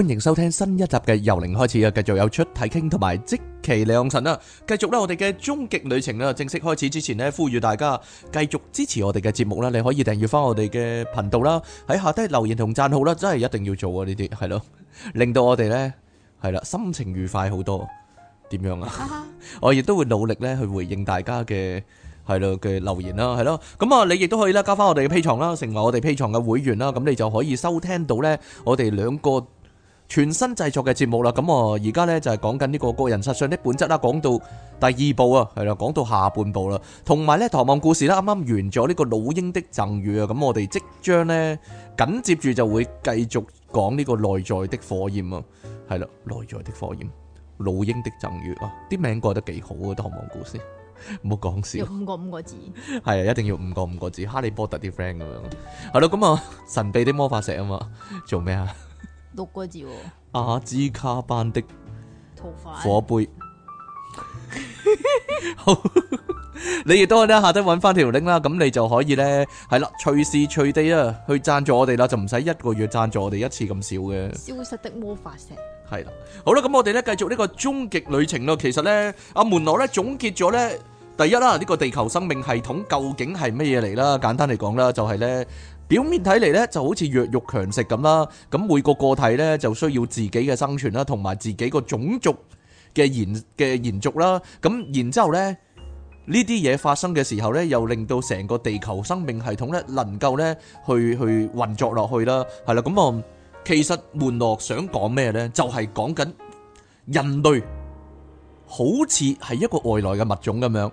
歡迎收聽新一集嘅由零開始啊！繼續有出體傾同埋即其兩神啊！繼續咧，我哋嘅終極旅程啊！正式開始之前咧，呼籲大家繼續支持我哋嘅節目啦！你可以訂閱翻我哋嘅頻道啦，喺下低留言同讚好啦，真係一定要做啊！呢啲係咯，令到我哋咧係啦，心情愉快好多，點樣啊？我亦都會努力咧去回應大家嘅係咯嘅留言啦，係咯。咁啊，你亦都可以咧加翻我哋嘅 Patreon 啦，成為我哋 Patreon 嘅會員啦，咁你就可以收聽到咧我哋兩個。全新製作嘅節目啦，咁啊，而家呢，就係講緊呢個個人實相的本質啦，講到第二部啊，係啦，講到下半部啦，同埋呢，《唐望故事》啦，啱啱完咗呢個《老鷹的贈與》啊，咁我哋即將呢，緊接住就會繼續講呢個內在的火焰啊，係啦，內在的火焰，《老鷹的贈與》啊，啲名改得幾好啊，《唐望故事》，唔好講笑，五個五個字，係啊，一定要五個五個字，《哈利波特》啲 friend 咁樣，係咯，咁啊，神秘的魔法石啊嘛，做咩啊？六個字，阿茲卡班的逃犯，火杯，好，你亦都咧下得揾翻條 link 啦，咁你就可以咧係啦，隨時隨地啊去贊助我哋啦，就唔使一個月贊助我哋一次咁少嘅。消失的魔法石，係啦，好啦，咁我哋咧繼續呢個終極旅程咯。其實咧，阿門羅咧總結咗咧，第一啦，呢個地球生命系統究竟係咩嘢嚟啦？簡單嚟講啦，就係咧。表面睇嚟咧，就好似弱肉強食咁啦。咁每個個體咧就需要自己嘅生存啦，同埋自己個種族嘅延嘅延續啦。咁然之後咧，呢啲嘢發生嘅時候咧，又令到成個地球生命系統咧能夠咧去去運作落去啦。係啦，咁啊，其實門羅想講咩咧？就係講緊人類好似係一個外來嘅物種咁樣。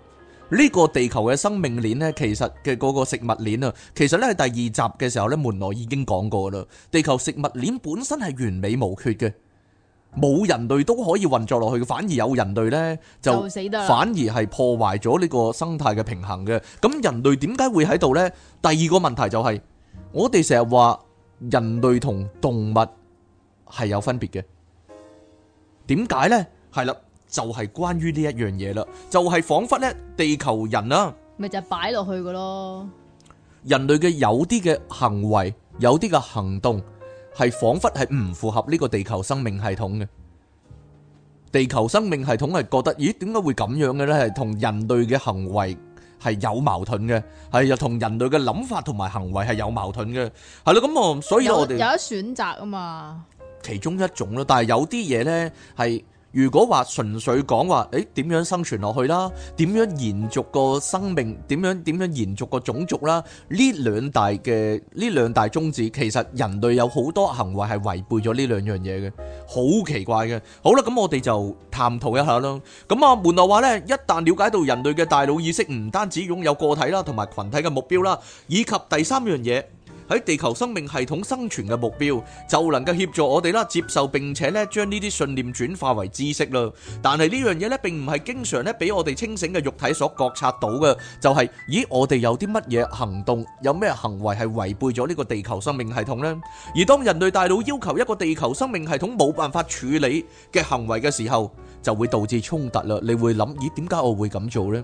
呢個地球嘅生命鏈呢，其實嘅嗰個食物鏈啊，其實呢，喺第二集嘅時候呢，門內已經講過啦。地球食物鏈本身係完美無缺嘅，冇人類都可以運作落去嘅，反而有人類呢就反而係破壞咗呢個生態嘅平衡嘅。咁人類點解會喺度呢？第二個問題就係我哋成日話人類同動物係有分別嘅，點解呢？係啦。就係關於呢一樣嘢啦，就係仿佛呢，地球人啦，咪就係擺落去嘅咯。人類嘅有啲嘅行為，有啲嘅行動係仿佛係唔符合呢個地球生命系統嘅。地球生命系統係覺得咦，點解會咁樣嘅呢？係同人類嘅行為係有矛盾嘅，係啊，同人類嘅諗法同埋行為係有矛盾嘅，係咯。咁我所以我哋有得選擇啊嘛，其中一種咯。但係有啲嘢呢係。如果話純粹講話，誒，點樣生存落去啦？點樣延續個生命？點樣點樣延續個種族啦？呢兩大嘅呢兩大宗旨，其實人類有好多行為係違背咗呢兩樣嘢嘅，好奇怪嘅。好啦，咁我哋就探討一下啦。咁、嗯、啊，門內門羅話呢，一旦了解到人類嘅大腦意識唔單止擁有個體啦，同埋群體嘅目標啦，以及第三樣嘢。喺地球生命系統生存嘅目標就能夠協助我哋啦，接受並且咧將呢啲信念轉化為知識啦。但係呢樣嘢咧，並唔係經常咧俾我哋清醒嘅肉體所覺察到嘅，就係咦，我哋有啲乜嘢行動，有咩行為係違背咗呢個地球生命系統呢？而當人類大腦要求一個地球生命系統冇辦法處理嘅行為嘅時候，就會導致衝突啦。你會諗咦，點解我會咁做呢？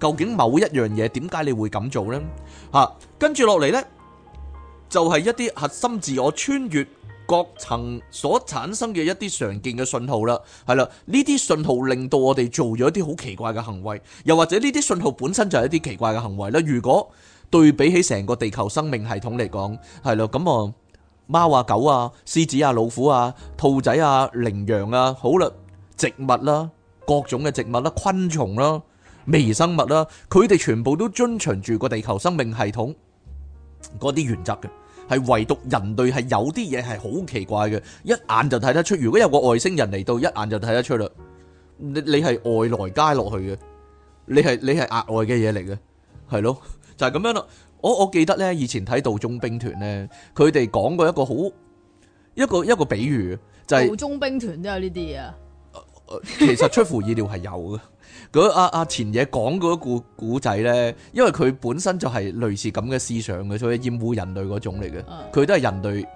究竟某一樣嘢點解你會咁做呢？吓，跟住落嚟呢，就係一啲核心自我穿越各層所產生嘅一啲常見嘅信號啦，係啦，呢啲信號令到我哋做咗一啲好奇怪嘅行為，又或者呢啲信號本身就係一啲奇怪嘅行為啦。如果對比起成個地球生命系統嚟講，係啦，咁啊貓啊狗啊獅子啊老虎啊兔仔啊羚羊啊，好啦，植物啦，各種嘅植物啦，昆蟲啦。微生物啦，佢哋全部都遵循住個地球生命系統嗰啲原則嘅，係唯獨人類係有啲嘢係好奇怪嘅，一眼就睇得出。如果有個外星人嚟到，一眼就睇得出啦。你你係外來街落去嘅，你係你係額外嘅嘢嚟嘅，係咯，就係咁樣啦。我我記得咧，以前睇《道中兵團》咧，佢哋講過一個好一個一個比喻，就係《道中兵團》都有呢啲嘢，其實出乎意料係有嘅。 嗰阿阿前嘢講嗰個古仔咧，因為佢本身就係類似咁嘅思想嘅，所以厭惡人類嗰種嚟嘅，佢都係人類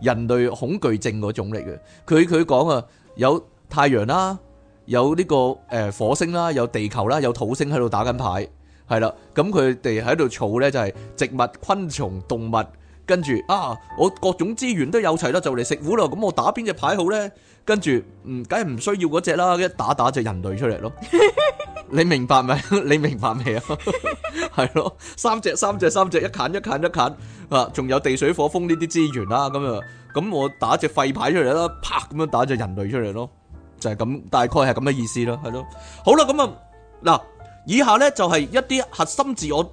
人類恐懼症嗰種嚟嘅。佢佢講啊，有太陽啦，有呢個誒、呃、火星啦，有地球啦，有土星喺度打緊牌，係啦。咁佢哋喺度儲咧就係植物、昆蟲、動物，跟住啊，我各種資源都有齊啦，就嚟食糊咯。咁我打邊隻牌好咧？跟住，嗯，梗係唔需要嗰隻啦，一打打隻人類出嚟咯。 你明白未？你明白未？啊？係咯，三隻三隻三隻，一砍一砍一砍啊！仲有地水火風呢啲資源啦，咁啊，咁我打隻廢牌出嚟啦，啪咁樣打隻人類出嚟咯，就係、是、咁，大概係咁嘅意思咯，係咯。好啦，咁啊，嗱，以下咧就係、是、一啲核心自我。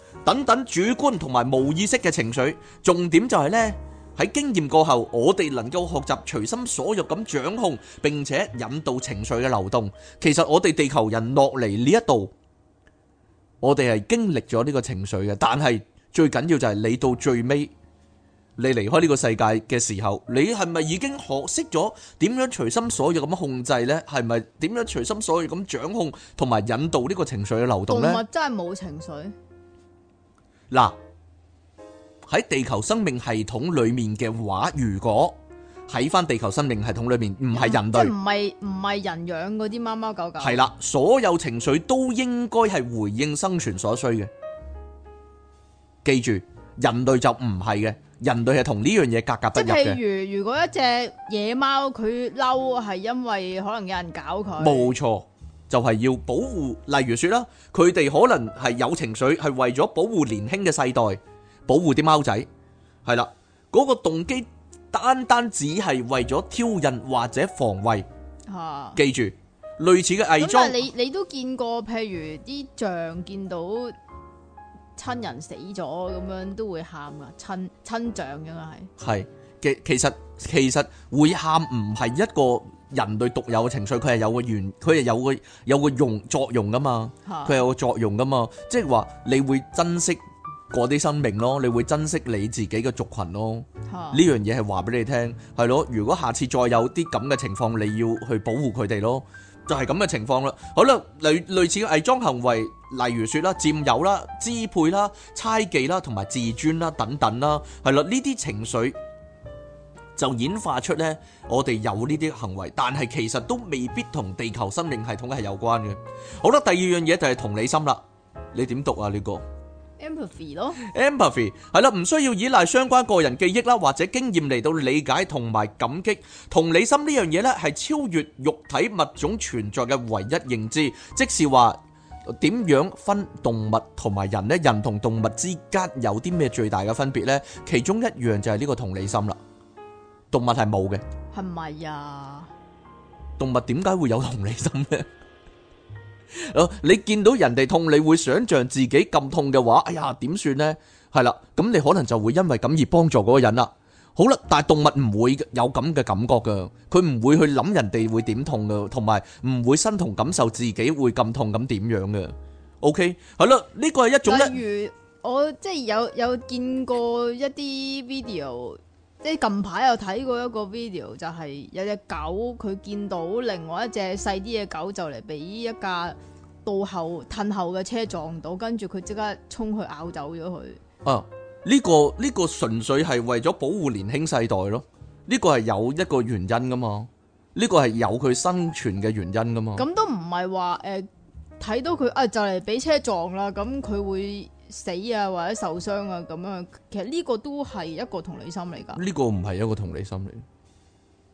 等等主觀同埋無意識嘅情緒，重點就係呢喺經驗過後，我哋能夠學習隨心所欲咁掌控，並且引導情緒嘅流動。其實我哋地球人落嚟呢一度，我哋係經歷咗呢個情緒嘅。但係最緊要就係你到最尾，你離開呢個世界嘅時候，你係咪已經學識咗點樣隨心所欲咁控制呢？係咪點樣隨心所欲咁掌控同埋引導呢個情緒嘅流動？動物真係冇情緒。嗱，喺地球生命系統裏面嘅話，如果喺翻地球生命系統裏面唔係人類，即係唔係唔係人養嗰啲貓貓狗狗。係啦，所有情緒都應該係回應生存所需嘅。記住，人類就唔係嘅，人類係同呢樣嘢格格不入嘅。即係譬如，如果一隻野貓佢嬲，係因為可能有人搞佢。冇錯。就係要保護，例如說啦，佢哋可能係有情緒，係為咗保護年輕嘅世代，保護啲貓仔，係啦，嗰個動機單單只係為咗挑釁或者防衛。記住，類似嘅偽裝。咁但係你你都見過，譬如啲象見到親人死咗咁樣都會喊噶，親親象應該係係，其其實其實會喊唔係一個。人類獨有嘅情緒，佢係有個源，佢係有個有個用作用㗎嘛，佢有個作用㗎嘛，即係話你會珍惜嗰啲生命咯，你會珍惜你自己嘅族群咯，呢、啊、樣嘢係話俾你聽，係咯。如果下次再有啲咁嘅情況，你要去保護佢哋咯，就係咁嘅情況啦。好啦，類類似嘅偽裝行為，例如説啦，佔有啦、支配啦、猜忌啦、同埋自尊啦等等啦，係啦，呢啲情緒。就演化出呢，我哋有呢啲行為，但係其實都未必同地球生命系統係有關嘅。好啦，第二樣嘢就係同理心啦，你點讀啊？呢個？empathy 咯，empathy 係啦，唔需要依賴相關個人記憶啦或者經驗嚟到理解同埋感激。同理心呢樣嘢呢，係超越肉體物種存在嘅唯一認知，即是話點樣分動物同埋人呢？人同動物之間有啲咩最大嘅分別呢？其中一樣就係呢個同理心啦。動物係冇嘅，係咪啊？動物點解會有同理心呢？哦，你見到人哋痛，你會想象自己咁痛嘅話，哎呀，點算呢？係啦，咁你可能就會因為咁而幫助嗰個人啦。好啦，但係動物唔會有咁嘅感覺噶，佢唔會去諗人哋會點痛噶，同埋唔會身同感受自己會咁痛咁點樣嘅。OK，係啦，呢個係一種。例如，我即係有有見過一啲 video。即近排有睇過一個 video，就係有隻狗佢見到另外一隻細啲嘅狗就嚟俾一架倒後褪後嘅車撞到，跟住佢即刻衝去咬走咗佢。啊，呢個呢個純粹係為咗保護年輕世代咯，呢個係有一個原因噶嘛，呢個係有佢生存嘅原因噶嘛。咁都唔係話誒睇到佢啊就嚟俾車撞啦，咁佢會。死啊，或者受傷啊，咁樣，其實呢個都係一個同理心嚟噶。呢個唔係一個同理心嚟，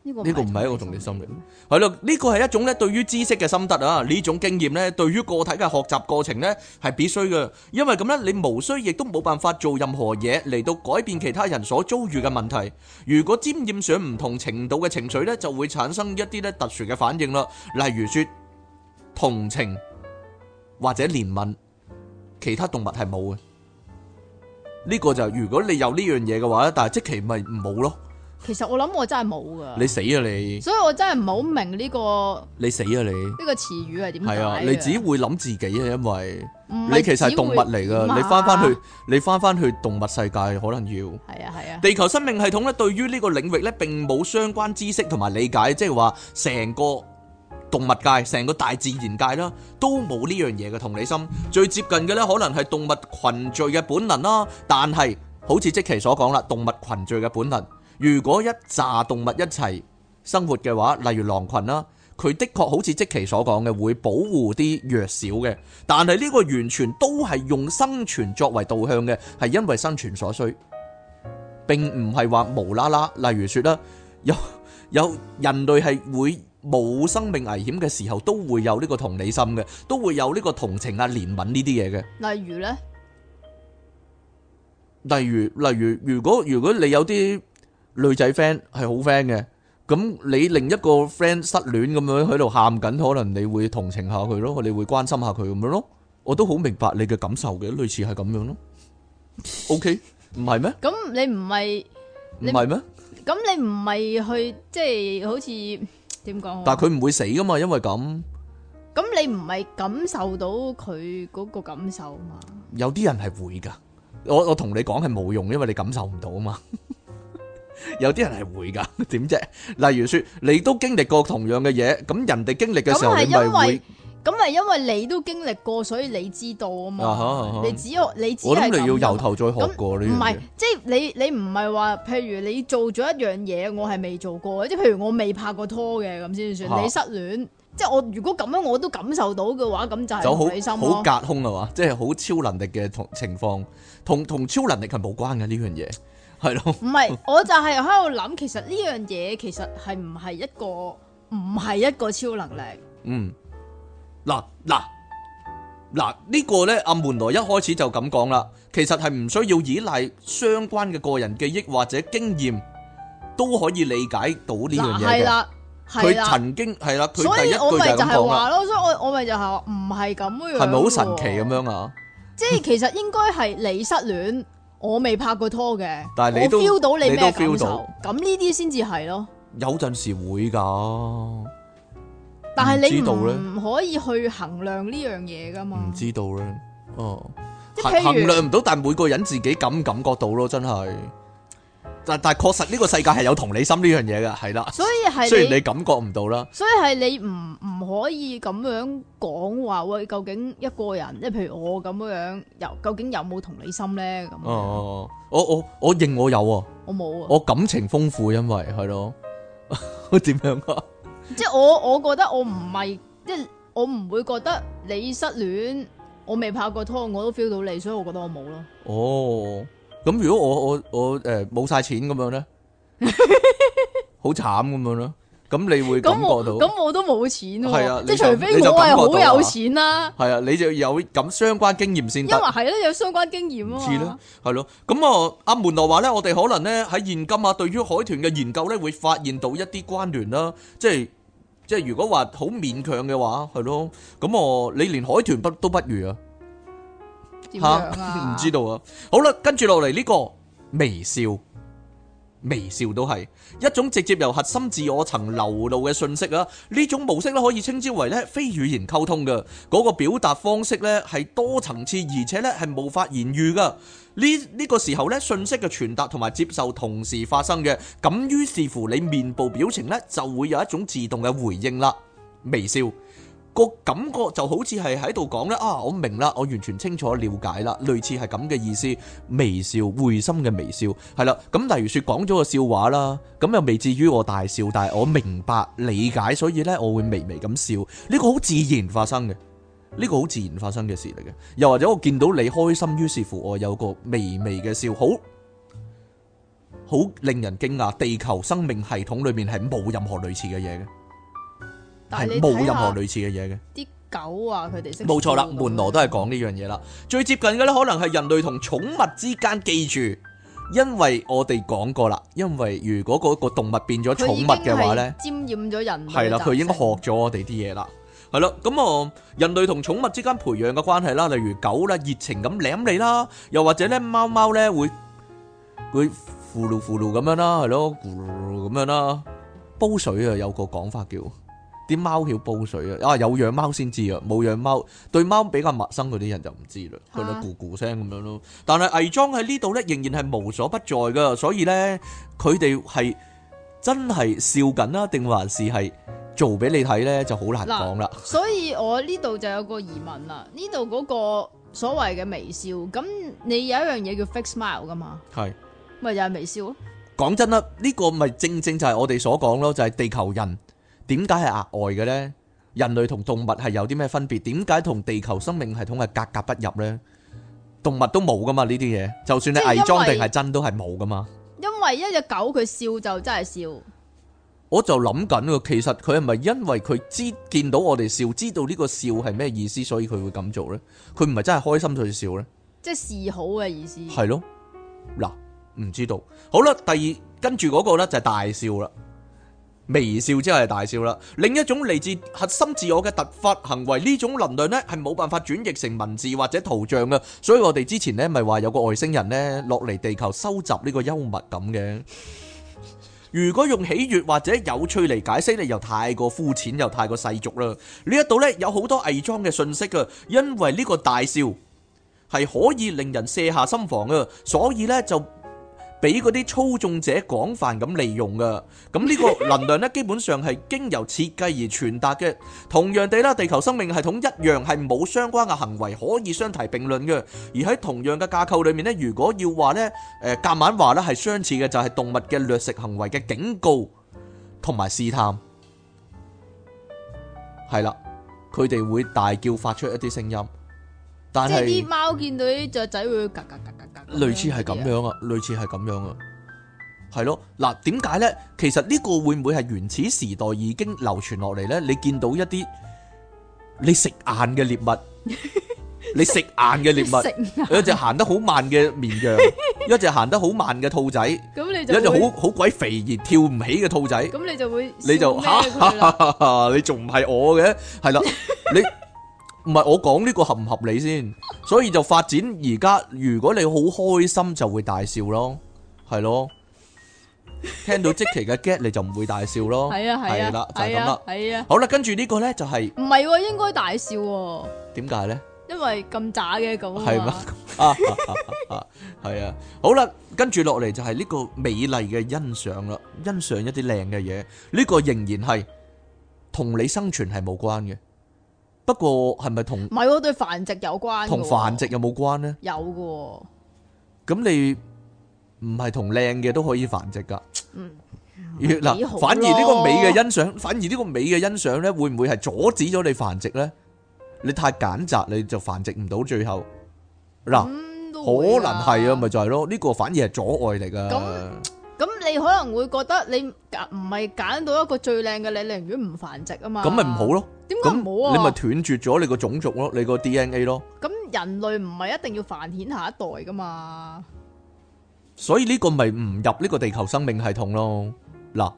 呢個唔係一個同理心嚟。係咯，呢個係一種咧，對於知識嘅心得啊，呢種經驗咧，對於個體嘅學習過程咧，係必須嘅。因為咁咧，你無需亦都冇辦法做任何嘢嚟到改變其他人所遭遇嘅問題。如果沾染上唔同程度嘅情緒咧，就會產生一啲咧特殊嘅反應咯，例如說同情或者憐憫。其他動物係冇嘅，呢個就如果你有呢樣嘢嘅話，但係即期咪冇咯。其實我諗我真係冇噶。你死啊你！所以我真係唔好明呢個。你死啊你！呢個詞語係點解？係啊，你只會諗自己啊，因為你其實係動物嚟噶，你翻翻去，你翻翻去動物世界可能要。係啊，係啊。地球生命系統咧，對於呢個領域咧，並冇相關知識同埋理解，即係話成個。動物界成個大自然界啦，都冇呢樣嘢嘅，同理心。最接近嘅呢，可能係動物群聚嘅本能啦。但係好似積奇所講啦，動物群聚嘅本能，如果一紮動物一齊生活嘅話，例如狼群啦，佢的確好似積奇所講嘅，會保護啲弱小嘅。但係呢個完全都係用生存作為導向嘅，係因為生存所需，並唔係話無啦啦。例如說啦，有有人類係會。冇生命危險嘅時候，都會有呢個同理心嘅，都會有呢個同情啊、憐憫呢啲嘢嘅。例如咧，例如例如，如果如果你有啲女仔 friend 係好 friend 嘅，咁你另一個 friend 失戀咁樣喺度喊緊，可能你會同情下佢咯，你會關心下佢咁樣咯。我都好明白你嘅感受嘅，類似係咁樣咯。OK，唔係咩？咁你唔係？唔係咩？咁你唔係去即係好似？但佢唔會死噶嘛，因為咁。咁你唔係感受到佢嗰個感受嘛？有啲人係會噶，我我同你講係冇用，因為你感受唔到啊嘛。有啲人係會噶，點啫？例如說，你都經歷過同樣嘅嘢，咁人哋經歷嘅時候，你咪會。咁係因為你都經歷過，所以你知道嘛啊嘛、啊。你只有你只係咁，我諗你要由頭再學過呢樣嘢。唔係，即係你你唔係話譬如你做咗一樣嘢，我係未做過，即係譬如我未拍過拖嘅咁先算。啊、你失戀，即係我如果咁樣我都感受到嘅話，咁就係好很隔空啊嘛，即係好超能力嘅同情況，同同超能力係冇關嘅呢樣嘢，係咯？唔係， 我就係喺度諗，其實呢樣嘢其實係唔係一個，唔係一個超能力，嗯。嗱嗱嗱！呢個咧，阿門來一開始就咁講啦，其實係唔需要依賴相關嘅個人記憶或者經驗，都可以理解到呢樣嘢嘅。佢曾經係啦，佢第一句就係講啦。所以我咪就係話咯，所以我我咪就係話唔係咁樣。係咪好神奇咁樣啊？即係其實應該係你失戀，我未拍過拖嘅。但係你都 feel 到你咩感受？咁呢啲先至係咯。有陣時會㗎。但係你唔可以去衡量呢樣嘢噶嘛？唔知道咧，哦，即係衡量唔到，但係每個人自己咁感覺到咯，真係。但但確實呢個世界係有同理心呢樣嘢嘅，係啦。所以係雖然你感覺唔到啦。所以係你唔唔可以咁樣講話喂？究竟一個人，即係譬如我咁樣樣，又究竟有冇同理心咧？咁哦，我我我認我有啊，我冇啊，我感情豐富，因為係咯，會點樣啊？即係我，我覺得我唔係，即係我唔會覺得你失戀，我未拍過拖，我都 feel 到你，所以我覺得我冇咯。哦，咁如果我我我誒冇晒錢咁樣咧，好慘咁樣咯。咁你會感覺到？咁我都冇錢喎。係啊，即係除非我係好有錢啦。係啊，你就有咁相關經驗先。因為係咧，有相關經驗啊嘛。似咧，係咯。咁啊阿門羅話咧，我哋可能咧喺現今啊，對於海豚嘅研究咧，會發現到一啲關聯啦，即係。即係如果話好勉強嘅話，係咯，咁我你連海豚不都不如啊？吓、啊？唔 知道啊。好啦，跟住落嚟呢個微笑。微笑都係一種直接由核心自我層流露嘅訊息啊！呢種模式都可以稱之為咧非語言溝通嘅嗰、那個表達方式咧，係多層次，而且咧係無法言喻嘅。呢呢、呢個時候咧訊息嘅傳達同埋接受同時發生嘅，咁於是乎你面部表情咧就會有一種自動嘅回應啦，微笑。個感覺就好似係喺度講咧，啊，我明啦，我完全清楚了解啦，類似係咁嘅意思，微笑，會心嘅微笑，係啦。咁例如說講咗個笑話啦，咁又未至於我大笑，但係我明白理解，所以呢我會微微咁笑，呢個好自然發生嘅，呢個好自然發生嘅事嚟嘅。又或者我見到你開心，於是乎我有個微微嘅笑，好，好令人驚訝。地球生命系統裏面係冇任何類似嘅嘢嘅。係冇任何類似嘅嘢嘅，啲狗啊，佢哋識唔識？冇錯啦，門羅都係講呢樣嘢啦。最接近嘅咧，可能係人類同寵物之間記住，因為我哋講過啦，因為如果嗰個動物變咗寵物嘅話咧，沾染咗人類係啦，佢應該學咗我哋啲嘢啦。係啦，咁啊，人類同寵物之間培養嘅關係啦，例如狗啦，熱情咁舐你啦，又或者咧貓貓咧會會呼嚕呼嚕咁樣啦，係咯，咕嚕嚕咁樣啦，煲水啊有個講法叫。啲貓要煲水啊！啊有養貓先知啊，冇養貓對貓比較陌生嗰啲人就唔知啦。佢咧咕咕聲咁樣咯。但係偽裝喺呢度咧，仍然係無所不在噶。所以咧，佢哋係真係笑緊啦，定還是係做俾你睇咧，就好難講啦、啊。所以我呢度就有個疑問啦。呢度嗰個所謂嘅微笑，咁你有一樣嘢叫 fixed smile 噶嘛？係咪是就係微笑咯？講真啦，呢、呢個咪正，正正就係我哋所講咯，就係、係、地球人。點解係額外嘅呢？人類同動物係有啲咩分別？點解同地球生命系統係格格不入呢？動物都冇噶嘛？呢啲嘢，就算你偽裝定係真都係冇噶嘛？因為一隻狗佢笑就真係笑。我就諗緊其實佢係咪因為佢知見到我哋笑，知道呢個笑係咩意思，所以佢會咁做呢？佢唔係真係開心去笑呢？即係示好嘅意思。係咯，嗱，唔知道。好啦，第二跟住嗰個呢，就係大笑啦。微笑之後係大笑啦！另一種嚟自核心自我嘅突發行為，呢種能量呢係冇辦法轉譯成文字或者圖像嘅，所以我哋之前呢咪話有個外星人呢落嚟地球收集呢個幽默感嘅。如果用喜悅或者有趣嚟解釋，呢又太過膚淺，又太過世俗啦。呢一度呢有好多偽裝嘅信息啊，因為呢個大笑係可以令人卸下心防啊。所以呢就。俾嗰啲操縱者廣泛咁利用嘅，咁呢個能量咧，基本上係經由設計而傳達嘅。同樣地啦，地球生命系統一樣係冇相關嘅行為可以相提並論嘅。而喺同樣嘅架構裏面咧，如果要話咧，誒，夾硬話咧係相似嘅，就係動物嘅掠食行為嘅警告同埋試探。係啦，佢哋會大叫發出一啲聲音，但係即係啲貓見到啲雀仔會格格格格。類似係咁樣啊，類似係咁樣啊，係咯。嗱，點解咧？其實呢個會唔會係原始時代已經流傳落嚟咧？你見到一啲你食硬嘅獵物，你食硬嘅獵物，一隻行得好慢嘅綿羊，一隻行得好慢嘅兔仔，咁你就一隻好好鬼肥而跳唔起嘅兔仔，咁你就會你就吓，你仲唔係我嘅？係啦，你。唔係我講呢個合唔合理先，所以就發展而家，如果你好開心就會大笑咯，係咯。聽到即期嘅 get 你就唔會大笑咯，係啊係啊，就係咁啦，係啊，好啦，跟住呢個咧就係唔係應該大笑？點解咧？因為咁渣嘅咁係嘛啊啊，係啊，好啦，跟住落嚟就係呢個美麗嘅欣賞啦，欣賞一啲靚嘅嘢，呢個仍然係同你生存係冇關嘅。不過係咪同？唔係喎，對繁殖有關。同繁殖有冇關咧？有嘅。咁你唔係同靚嘅都可以繁殖噶。嗯。嗱，反而呢個美嘅欣賞，反而呢個美嘅欣賞咧，會唔會係阻止咗你繁殖咧？你太揀擇，你就繁殖唔到最後。嗱，可能係啊，咪就係咯。呢個反而係阻礙嚟噶。你可能會覺得你唔係揀到一個最靚嘅你，寧願唔繁殖啊嘛，咁咪唔好咯，點解唔好啊？你咪斷絕咗你個種族咯，你個 DNA 咯。咁人類唔係一定要繁衍下一代噶嘛，所以呢個咪唔入呢個地球生命系統咯。嗱，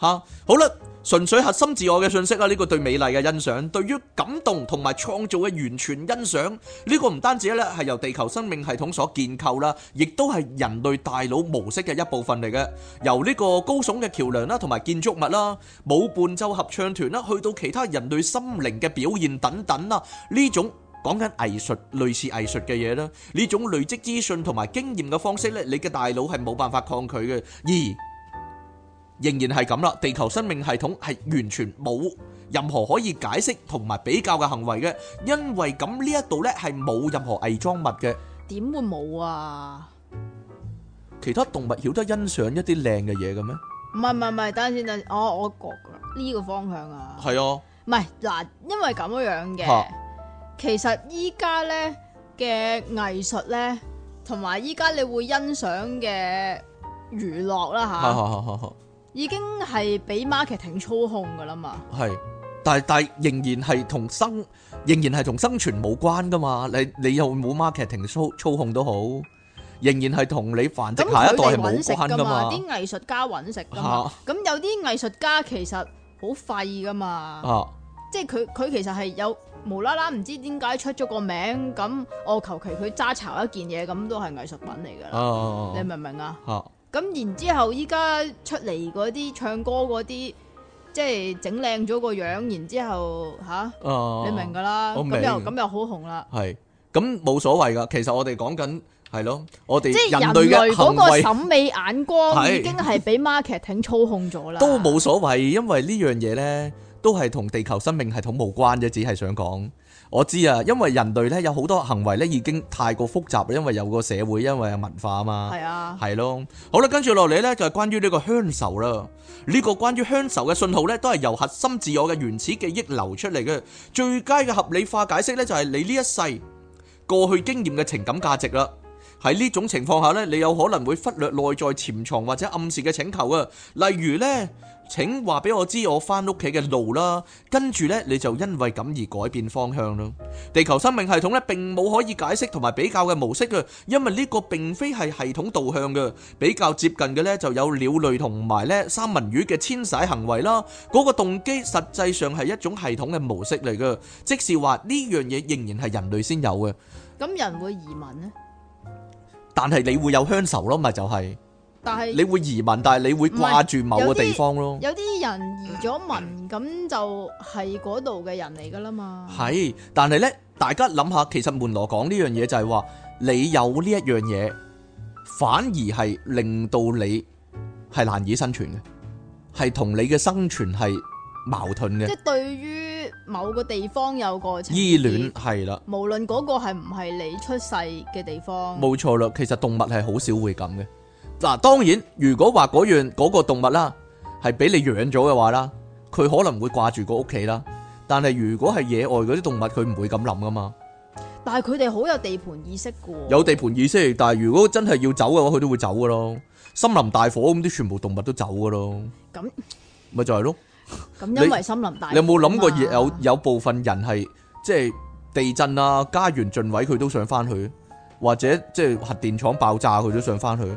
嚇，好啦。純粹核心自我嘅信息啦，呢個對美麗嘅欣賞，對於感動同埋創造嘅完全欣賞，呢個唔單止咧係由地球生命系統所建構啦，亦都係人類大腦模式嘅一部分嚟嘅。由呢個高聳嘅橋梁啦，同埋建築物啦，冇伴奏合唱團啦，去到其他人類心靈嘅表現等等啦，呢種講緊藝術類似藝術嘅嘢啦，呢種累積資訊同埋經驗嘅方式咧，你嘅大腦係冇辦法抗拒嘅。二仍然係咁啦，地球生命系統係完全冇任何可以解釋同埋比較嘅行為嘅，因為咁呢一度呢係冇任何偽裝物嘅。點會冇啊？其他動物曉得欣賞一啲靚嘅嘢嘅咩？唔係唔係唔係，等陣先等我，我覺呢個方向啊，係啊，唔係嗱，因為咁樣嘅，其實依家呢嘅藝術呢，同埋依家你會欣賞嘅娛樂啦，吓，好好好好。已經係俾 marketing 操控噶啦嘛，係，但係但係仍然係同生，仍然係同生存冇關噶嘛，你你又冇 marketing 操操控都好，仍然係同你繁殖下一代係冇冇關噶嘛，啲藝術家揾食噶嘛。咁、啊、有啲藝術家其實好廢噶嘛，啊、即係佢佢其實係有無啦啦唔知點解出咗個名，咁我求其佢揸炒一件嘢，咁都係藝術品嚟噶啦，啊、你明唔明啊？啊。咁然之後依家出嚟嗰啲唱歌嗰啲，即係整靚咗個樣，然之後吓，啊、你明噶啦，咁又咁又好紅啦。係咁冇所謂噶，其實我哋講緊係咯，我哋即係人類嗰個審美眼光已經係俾 marketing 操控咗啦。都冇所謂，因為呢樣嘢呢，都係同地球生命系統無關嘅，只係想講。我知啊，因為人類呢有好多行為呢已經太過複雜啦，因為有個社會，因為有文化啊嘛。係啊，係咯。好啦，跟住落嚟呢就係關於呢個鄉愁啦。呢個關於鄉愁嘅信號呢都係由核心自我嘅原始記憶流出嚟嘅。最佳嘅合理化解釋呢就係你呢一世過去經驗嘅情感價值啦。喺呢種情況下呢，你有可能會忽略內在潛藏或者暗示嘅請求啊。例如呢。請話俾我知我翻屋企嘅路啦，跟住呢你就因為咁而改變方向咯。地球生命系統呢並冇可以解釋同埋比較嘅模式嘅，因為呢個並非係系統導向嘅。比較接近嘅呢就有鳥類同埋呢三文魚嘅遷徙行為啦。嗰個動機實際上係一種系統嘅模式嚟嘅，即是話呢樣嘢仍然係人類先有嘅。咁人會移民呢？但係你會有鄉愁咯，咪就係。但係你會移民，但係你會掛住某個地方咯。有啲人移咗民，咁就係嗰度嘅人嚟噶啦嘛。係，但係呢，大家諗下，其實門羅講呢樣嘢就係話，你有呢一樣嘢，反而係令到你係難以生存嘅，係同你嘅生存係矛盾嘅。即係對於某個地方有個依戀，係啦。無論嗰個係唔係你出世嘅地方，冇錯啦。其實動物係好少會咁嘅。嗱，當然如果話嗰樣嗰個動物啦，係俾你養咗嘅話啦，佢可能會掛住個屋企啦。但係如果係野外嗰啲動物，佢唔會咁諗噶嘛。但係佢哋好有地盤意識噶、哦。有地盤意識，但係如果真係要走嘅話，佢都會走噶咯。森林大火咁，啲全部動物都走噶咯。咁咪、嗯、就係咯。咁、嗯、你因為森林大火、啊，你有冇諗過有有部分人係即係地震啊，家園盡毀，佢都想翻去，或者即係核電廠爆炸，佢都想翻去。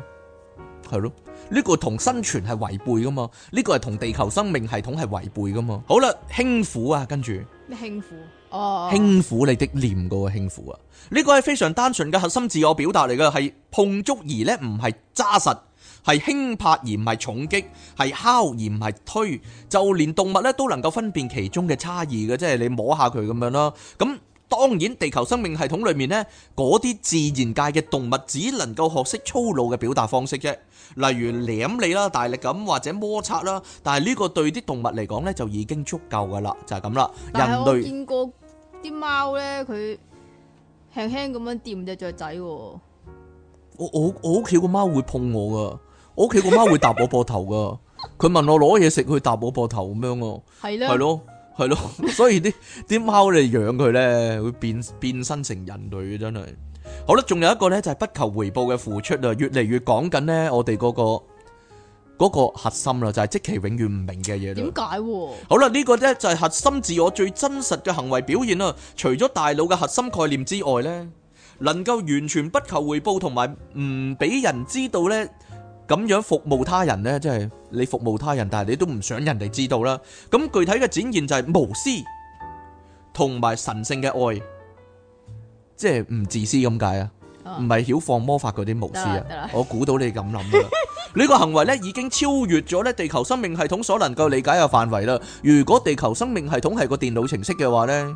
係咯，呢個同生存係違背噶嘛？呢、這個係同地球生命系統係違背噶嘛？好啦，輕撫啊，跟住咩輕撫？哦、oh.，輕撫你的念噶喎，輕撫啊！呢、這個係非常單純嘅核心自我表達嚟嘅，係碰觸而呢唔係揸實，係輕拍而唔係重擊，係敲而唔係推，就連動物呢都能夠分辨其中嘅差異嘅，即係你摸下佢咁樣啦，咁、嗯。當然，地球生命系統裏面呢，嗰啲自然界嘅動物只能夠學識粗魯嘅表達方式啫，例如舐你啦、大力咁或者摩擦啦。但係呢個對啲動物嚟講呢，就已經足夠噶啦，就係咁啦。但係我見過啲貓呢，佢輕輕咁樣掂隻雀仔。我我我屋企個貓會碰我噶，我屋企個貓會搭我膊頭噶，佢 問我攞嘢食，佢搭我膊頭咁樣呢咯，係咯。係咯，所以啲啲貓你養佢咧，會變變身成人類嘅真係。好啦，仲有一個咧就係不求回報嘅付出啊，越嚟越講緊咧我哋嗰個嗰個核心啦，就係即其永遠唔明嘅嘢。點解？好啦，呢個咧就係核心自我最真實嘅行為表現啦。除咗大腦嘅核心概念之外咧，能夠完全不求回報同埋唔俾人知道咧。咁樣服務他人咧，即係你服務他人，但係你都唔想人哋知道啦。咁具體嘅展現就係無私同埋神聖嘅愛，即係唔自私咁解啊，唔係曉放魔法嗰啲無私啊。我估到你咁諗啦，呢個行為咧已經超越咗咧地球生命系統所能夠理解嘅範圍啦。如果地球生命系統係個電腦程式嘅話咧。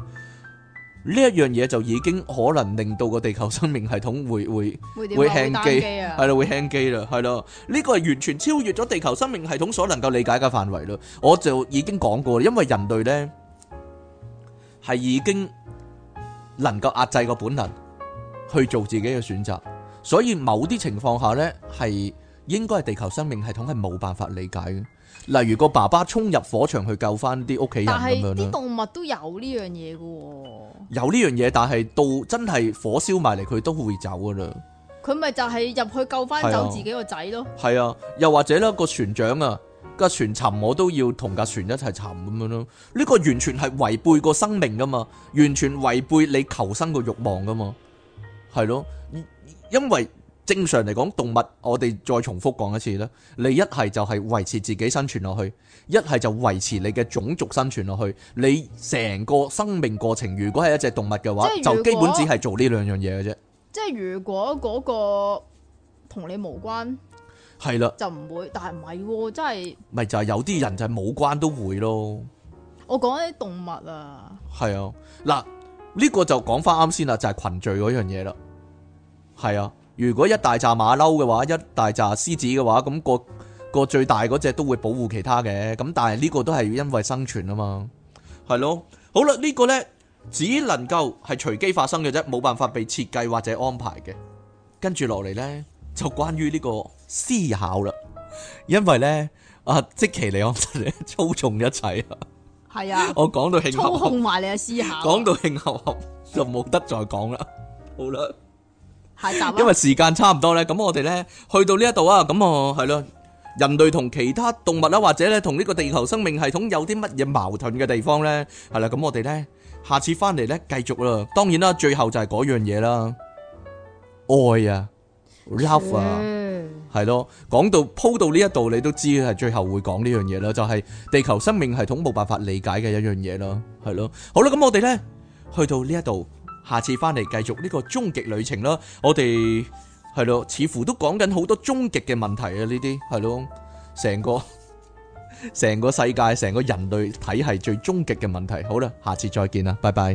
呢一樣嘢就已經可能令到個地球生命系統會會會停機，係咯，會停機啦，係咯，呢個係完全超越咗地球生命系統所能夠理解嘅範圍咯。我就已經講過，因為人類呢係已經能夠壓制個本能去做自己嘅選擇，所以某啲情況下呢係應該係地球生命系統係冇辦法理解嘅。例如個爸爸衝入火場去救翻啲屋企人，但係啲動物都有呢樣嘢嘅，有呢樣嘢，但係到真係火燒埋嚟，佢都會走噶啦。佢咪就係入去救翻走自己個仔咯？係啊，啊，又或者咧個船長啊，個船沉，我都要同架船一齊沉咁樣咯。呢個完全係違背個生命噶嘛，完全違背你求生個慾望噶嘛，係咯，啊，因為。正常嚟講，動物，我哋再重複講一次咧，你一係就係維持自己生存落去，一係就維持你嘅種族生存落去。你成個生命過程，如果係一隻動物嘅話，就基本只係做呢兩樣嘢嘅啫。即係如果嗰個同你冇關，係啦的，就唔會。但係唔係，即係咪就係有啲人就係冇關都會咯。我講一啲動物啊，係啊，嗱呢個就講翻啱先啦，就係群聚嗰樣嘢啦，係啊。如果一大紮馬騮嘅話，一大紮獅子嘅話，咁、那個個最大嗰隻都會保護其他嘅。咁但係呢個都係因為生存啊嘛，係咯。好啦，呢、這個呢，只能夠係隨機發生嘅啫，冇辦法被設計或者安排嘅。跟住落嚟呢，就關於呢個思考啦。因為呢，阿、啊、即其嚟講操縱一切啊，係啊，我講到慶合，操控埋你嘅思考，到慶合，合就冇得再講啦。好啦。因為時間差唔多咧，咁我哋咧去到呢一度啊，咁啊係咯，人類同其他動物啦，或者咧同呢個地球生命系統有啲乜嘢矛盾嘅地方咧，係啦，咁我哋咧下次翻嚟咧繼續啦。當然啦，最後就係嗰樣嘢啦，愛啊，love 啊，係咯，講到鋪到呢一度，你都知係最後會講呢樣嘢啦，就係地球生命系統冇辦法理解嘅一樣嘢啦，係咯。好啦，咁我哋咧去到呢一度。下次翻嚟繼續呢個終極旅程啦！我哋係咯，似乎都講緊好多終極嘅問題啊！呢啲係咯，成個成個世界、成個人類體系最終極嘅問題。好啦，下次再見啦，拜拜。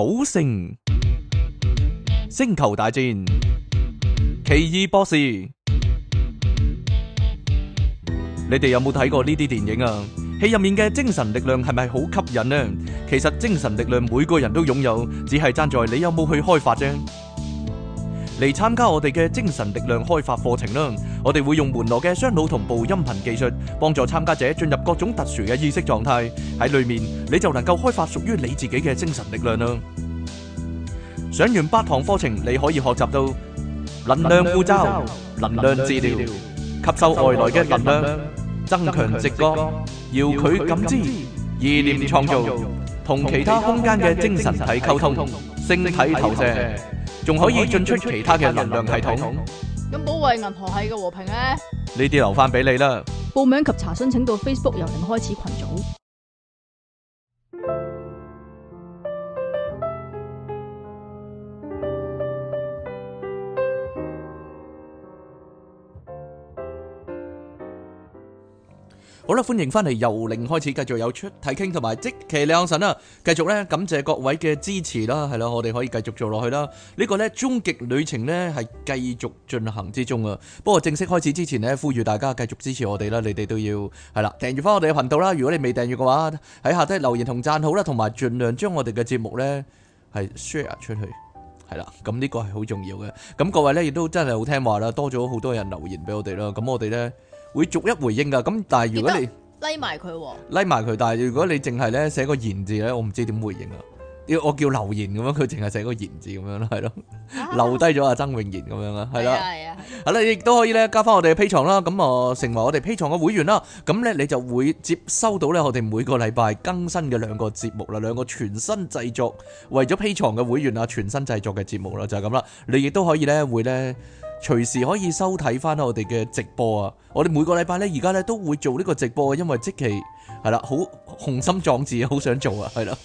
賭聖、星球大戰、奇異博士，你哋有冇睇過呢啲電影啊？戲入面嘅精神力量係咪好吸引呢？其實精神力量每個人都擁有，只係爭在你有冇去開發啫。嚟參加我哋嘅精神力量開發課程啦！我哋會用門羅嘅雙腦同步音頻技術，幫助參加者進入各種特殊嘅意識狀態。喺裏面，你就能夠開發屬於你自己嘅精神力量啦。上完八堂課程，你可以學習到能量護罩、能量治療、吸收外來嘅能量、增強直覺、遙距感知、意念創造、同其他空間嘅精神體溝通、星體投射，仲可以進出其他嘅能量系統。咁保衛銀河系嘅和平咧？呢啲留翻俾你啦。報名及查詢請到 Facebook 由零開始群組。好啦，歡迎翻嚟由零開始，繼續有出睇傾同埋積奇兩神啊！繼續咧，感謝各位嘅支持啦，係啦，我哋可以繼續做落去啦。呢個咧終極旅程咧係繼續進行之中啊！不過正式開始之前咧，呼籲大家繼續支持我哋啦，你哋都要係啦，訂閱翻我哋嘅頻道啦。如果你未訂閱嘅話，喺下低留言同讚好啦，同埋盡量將我哋嘅節目咧係 share 出去，係啦，咁呢個係好重要嘅。咁各位咧亦都真係好聽話啦，多咗好多人留言俾我哋啦，咁我哋咧，會逐一回應噶，咁但係如果你拉埋佢，拉埋佢，但係如果你淨係咧寫個言字咧，我唔知點回應啊！我叫留言咁樣，佢淨係寫個言字咁樣咯，係咯，留低咗阿曾永賢咁樣啦，係啦，係啦，亦都可以咧加翻我哋 Patreon 啦，咁啊成為我哋 Patreon 嘅會員啦，咁咧你就會接收到咧我哋每個禮拜更新嘅兩個節目啦，兩個全新製作，為咗 Patreon 嘅會員啊全新製作嘅節目啦，就係咁啦，你亦都可以咧會咧。隨時可以收睇翻我哋嘅直播啊！我哋每個禮拜咧，而家咧都會做呢個直播啊，因為即係係啦，好雄心壯志，好想做啊，係啦！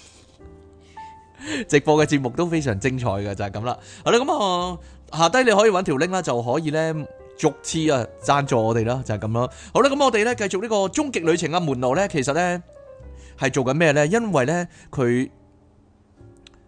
直播嘅節目都非常精彩㗎，就係咁啦。好啦，咁啊下低你可以揾條 link 啦，就可以咧逐次啊贊助我哋啦，就係咁咯。好啦，咁我哋咧繼續呢個終極旅程嘅門路咧，其實咧係做緊咩咧？因為咧佢。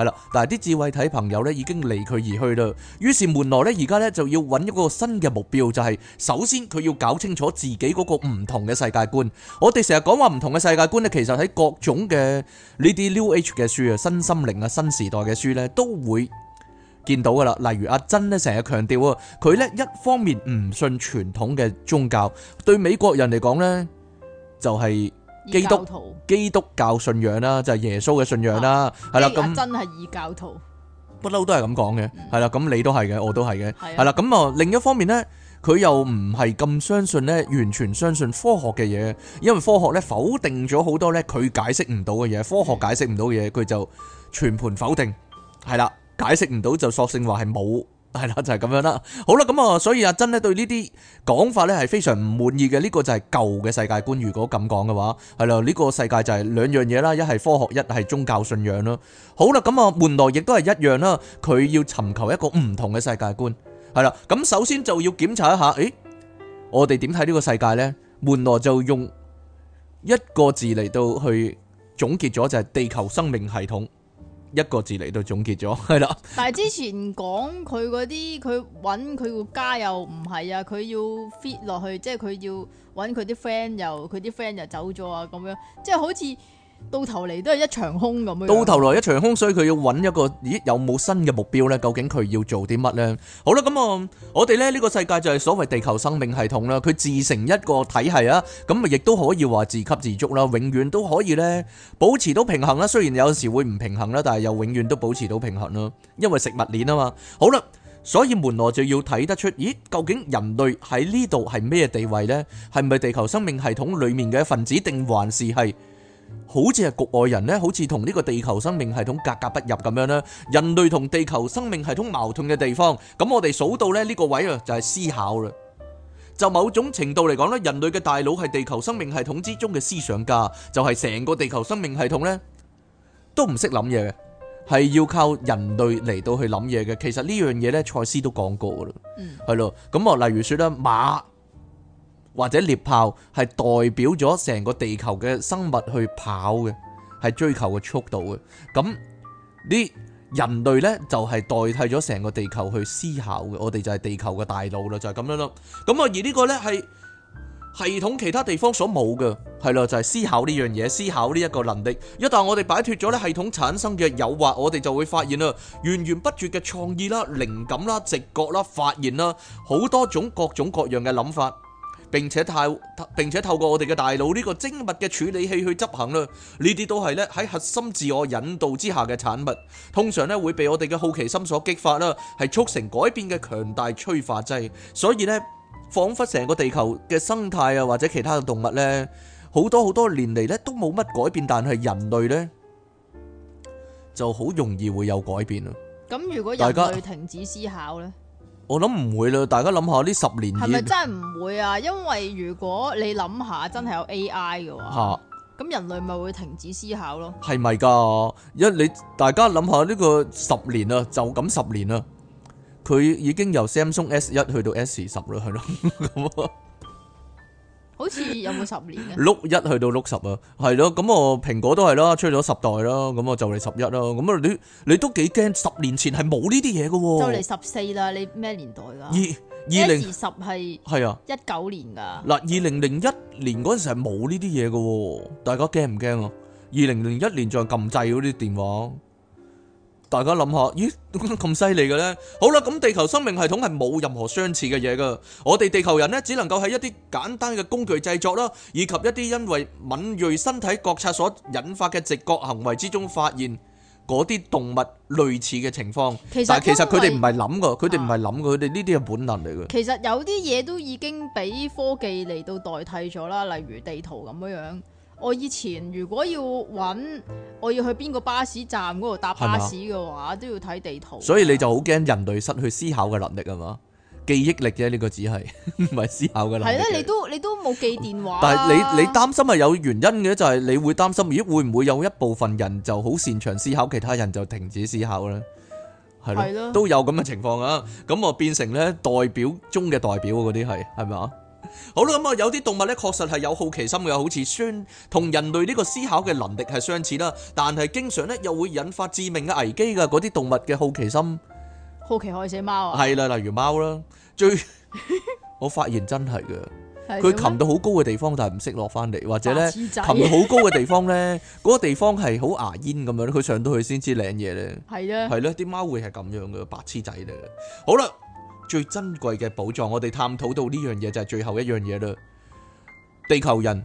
係啦，但係啲智慧體朋友咧已經離佢而去啦。於是門羅咧而家咧就要揾一個新嘅目標，就係、是、首先佢要搞清楚自己嗰個唔同嘅世界觀。我哋成日講話唔同嘅世界觀咧，其實喺各種嘅呢啲 New Age 嘅書啊、新心靈啊、新時代嘅書咧都會見到噶啦。例如阿珍咧成日強調啊，佢咧一方面唔信傳統嘅宗教，對美國人嚟講咧就係、是。基督教、基督教信仰啦，就係、是、耶穌嘅信仰啦，係啦，咁真係異教徒，不嬲都係咁講嘅，係啦，咁你都係嘅，我都係嘅，係啦，咁啊，另一方面呢，佢又唔係咁相信呢，完全相信科學嘅嘢，因為科學呢否定咗好多呢佢解釋唔到嘅嘢，科學解釋唔到嘅嘢佢就全盤否定，係啦，解釋唔到就索性話係冇。係啦，就係咁樣啦。好啦，咁啊，所以阿珍呢對呢啲講法呢係非常唔滿意嘅。呢個就係舊嘅世界觀。如果咁講嘅話，係啦，呢個世界就係兩樣嘢，啦，一係科學，一係宗教信仰咯。好啦，咁啊，門羅亦都係一樣啦。佢要尋求一個唔同嘅世界觀。係啦，咁首先就要檢查一下，誒，我哋點睇呢個世界呢？門羅就用一個字嚟到去總結咗，就係地球生命系統。一個字嚟到總結咗，係啦。但係之前講佢嗰啲，佢揾佢個家又唔係啊，佢要 fit 落去，即係佢要揾佢啲 friend 又，佢啲 friend 又走咗啊，咁樣即係好似。到頭嚟都係一場空，咁樣，到頭來一場空，所以佢要揾一個，咦，有冇新嘅目標呢？究竟佢要做啲乜呢？好啦，咁啊，我哋呢呢個世界就係所謂地球生命系統啦，佢自成一個體系啊，咁啊亦都可以話自給自足啦，永遠都可以呢保持到平衡啦。雖然有時會唔平衡啦，但係又永遠都保持到平衡啦，因為食物鏈啊嘛。好啦，所以門羅就要睇得出，咦，究竟人類喺呢度係咩地位呢？係咪地球生命系統裏面嘅一分子，定還是係？好似係局外人咧，好似同呢個地球生命系統格格不入咁樣啦。人類同地球生命系統矛盾嘅地方，咁我哋數到咧呢個位啊，就係思考啦。就某種程度嚟講咧，人類嘅大腦係地球生命系統之中嘅思想家，就係成個地球生命系統咧都唔識諗嘢嘅，係要靠人類嚟到去諗嘢嘅。其實呢樣嘢咧，賽斯都講過噶啦，係咯。咁啊，例如說啦，馬。或者獵豹係代表咗成個地球嘅生物去跑嘅，係追求嘅速度嘅。咁啲人類呢就係代替咗成個地球去思考嘅，我哋就係地球嘅大腦啦，就係咁樣咯。咁啊，而呢個呢係系統其他地方所冇嘅，係咯，就係思考呢樣嘢，思考呢一個能力。一旦我哋擺脫咗呢系統產生嘅誘惑，我哋就會發現啦，源源不絕嘅創意啦、靈感啦、直覺啦、發現啦，好多種各種各樣嘅諗法。並且透並且透過我哋嘅大腦呢個精密嘅處理器去執行啦，呢啲都係咧喺核心自我引導之下嘅產物。通常咧會被我哋嘅好奇心所激發啦，係促成改變嘅強大催化劑。所以呢，仿佛成個地球嘅生態啊，或者其他嘅動物呢，好多好多年嚟咧都冇乜改變，但係人類呢就好容易會有改變啦。咁如果人類停止思考咧？我諗唔會啦，大家諗下呢十年。係咪真係唔會啊？因為如果你諗下，真係有 AI 嘅話，咁、啊、人類咪會停止思考咯？係咪噶？一你大家諗下呢個十年啊，就咁十年啊，佢已經由 Samsung S 一去到 S 十啦，係咯，咁 好似有冇十年啊？六一去到六十啊，係咯，咁我蘋果都係啦，出咗十代啦。咁我就嚟十一啦。咁啊你你都幾驚十年前係冇呢啲嘢嘅喎？就嚟十四啦，你咩年代噶？二零二、啊、二零二十係係啊，一九年噶。嗱，二零零一年嗰陣時係冇呢啲嘢嘅喎，大家驚唔驚啊？二零零一年仲係撳掣嗰啲電話。大家諗下，咦咁犀利嘅咧？好啦，咁地球生命系統係冇任何相似嘅嘢噶。我哋地球人呢，只能夠喺一啲簡單嘅工具製作啦，以及一啲因為敏銳身體覺察所引發嘅直覺行為之中，發現嗰啲動物類似嘅情況。但係其實佢哋唔係諗噶，佢哋唔係諗噶，佢哋呢啲係本能嚟嘅。其實有啲嘢都已經俾科技嚟到代替咗啦，例如地圖咁樣樣。我以前如果要搵，我要去邊個巴士站嗰度搭巴士嘅話，吧都要睇地圖。所以你就好驚人類失去思考嘅能力係嘛？記憶力啫，呢、這個只係唔係思考嘅能力。係你都你都冇記電話。但係你你擔心係有原因嘅，就係、是、你會擔心，如果會唔會有一部分人就好擅長思考，其他人就停止思考呢？係咯，的都有咁嘅情況啊。咁我變成咧代表中嘅代表嗰啲係係咪啊？好啦，咁啊，有啲動物咧確實係有好奇心嘅，好似酸同人類呢個思考嘅能力係相似啦。但係經常咧又會引發致命嘅危機噶，嗰啲動物嘅好奇心，好奇害死貓啊，係啦，例如貓啦，最我發現真係嘅，佢擒到好高嘅地方，但係唔識落翻嚟，或者咧擒到好高嘅地方咧，嗰個地方係好牙煙咁樣，佢上到去先知領嘢咧，係啦，係啦，啲貓會係咁樣嘅白痴仔嚟嘅。好啦。最珍貴嘅寶藏，我哋探討到呢樣嘢就係最後一樣嘢啦。地球人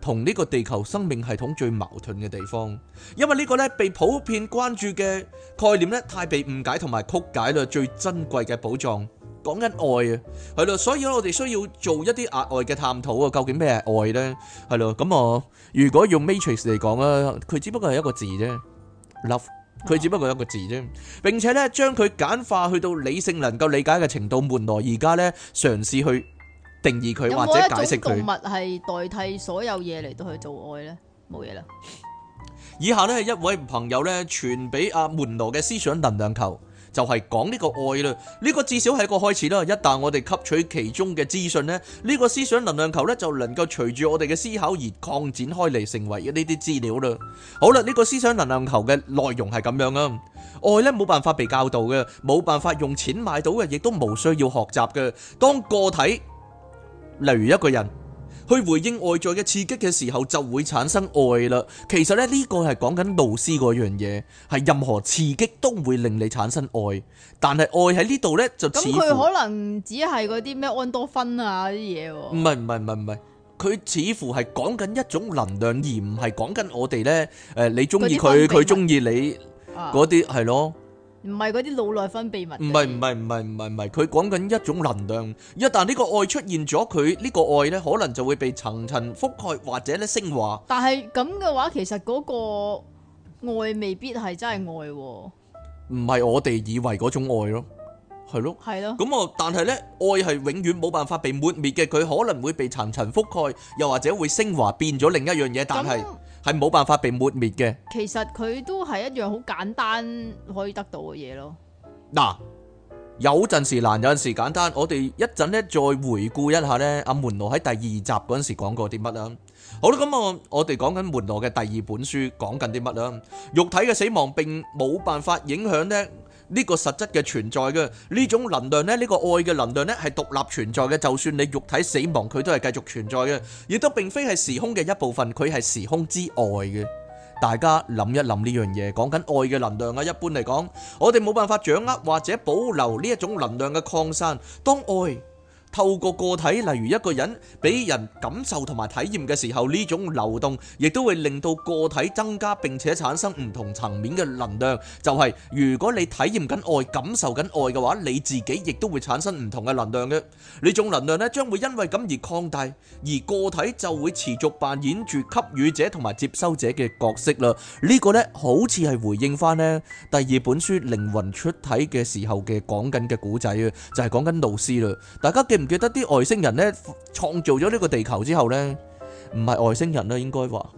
同呢個地球生命系統最矛盾嘅地方，因為呢個咧被普遍關注嘅概念咧太被誤解同埋曲解啦。最珍貴嘅寶藏，講緊愛啊，係咯，所以咧我哋需要做一啲額外嘅探討啊。究竟咩係愛咧？係咯，咁我，如果用 Matrix 嚟講啦，佢只不過係一個字啫，love。佢只不過一個字啫，並且咧將佢簡化去到理性能夠理解嘅程度。門羅而家咧嘗試去定義佢或者解釋佢。有冇一種動物係代替所有嘢嚟到去做愛咧？冇嘢啦。以下咧係一位朋友咧傳俾阿門羅嘅思想能量球。就係講呢個愛啦，呢個至少係個開始啦。一旦我哋吸取其中嘅資訊咧，呢個思想能量球呢，就能夠隨住我哋嘅思考而擴展開嚟，成為呢啲資料啦。好啦，呢個思想能量球嘅內容係咁樣啊，愛呢冇辦法被教導嘅，冇辦法用錢買到嘅，亦都冇需要學習嘅。當個體，例如一個人。去回應外在嘅刺激嘅時候，就會產生愛啦。其實咧呢、這個係講緊導師嗰樣嘢，係任何刺激都會令你產生愛。但係愛喺呢度呢，就似乎可能只係嗰啲咩安多芬啊啲嘢。唔係唔係唔係唔係，佢似乎係講緊一種能量，而唔係講緊我哋呢。誒、呃，你中意佢，佢中意你嗰啲係咯。唔係嗰啲腦內分泌物。唔係唔係唔係唔係唔係，佢講緊一種能量。一旦呢個愛出現咗，佢呢個愛咧可能就會被層層覆蓋，或者咧升華。但係咁嘅話，其實嗰個愛未必係真係愛喎。唔係我哋以為嗰種愛咯，係咯。係咯。咁啊，但係咧，愛係永遠冇辦法被抹滅嘅，佢可能會被層層覆蓋，又或者會升華變咗另一樣嘢，但係，係冇辦法被抹滅嘅。其實佢都係一樣好簡單可以得到嘅嘢咯。嗱，有陣時難，有陣時簡單。我哋一陣呢再回顧一下呢，阿門羅喺第二集嗰陣時講過啲乜啦。好啦，咁我我哋講緊門羅嘅第二本書，講緊啲乜啦？肉體嘅死亡並冇辦法影響呢。呢個實質嘅存在嘅呢種能量呢，呢個愛嘅能量呢，係獨立存在嘅，就算你肉體死亡，佢都係繼續存在嘅，亦都並非係時空嘅一部分，佢係時空之外嘅。大家諗一諗呢樣嘢，講緊愛嘅能量啊，一般嚟講，我哋冇辦法掌握或者保留呢一種能量嘅擴散，當愛，透過個體，例如一個人俾人感受同埋體驗嘅時候，呢種流動亦都會令到個體增加，並且產生唔同層面嘅能量。就係如果你體驗緊愛、感受緊愛嘅話，你自己亦都會產生唔同嘅能量嘅。呢種能量咧將會因為咁而擴大，而個體就會持續扮演住給予者同埋接收者嘅角色啦。呢個咧好似係回應翻咧第二本書靈魂出體嘅時候嘅講緊嘅古仔啊，就係講緊導師啦，大家記。覺得啲外星人呢，創造咗呢個地球之後呢，唔係外星人啦，應該話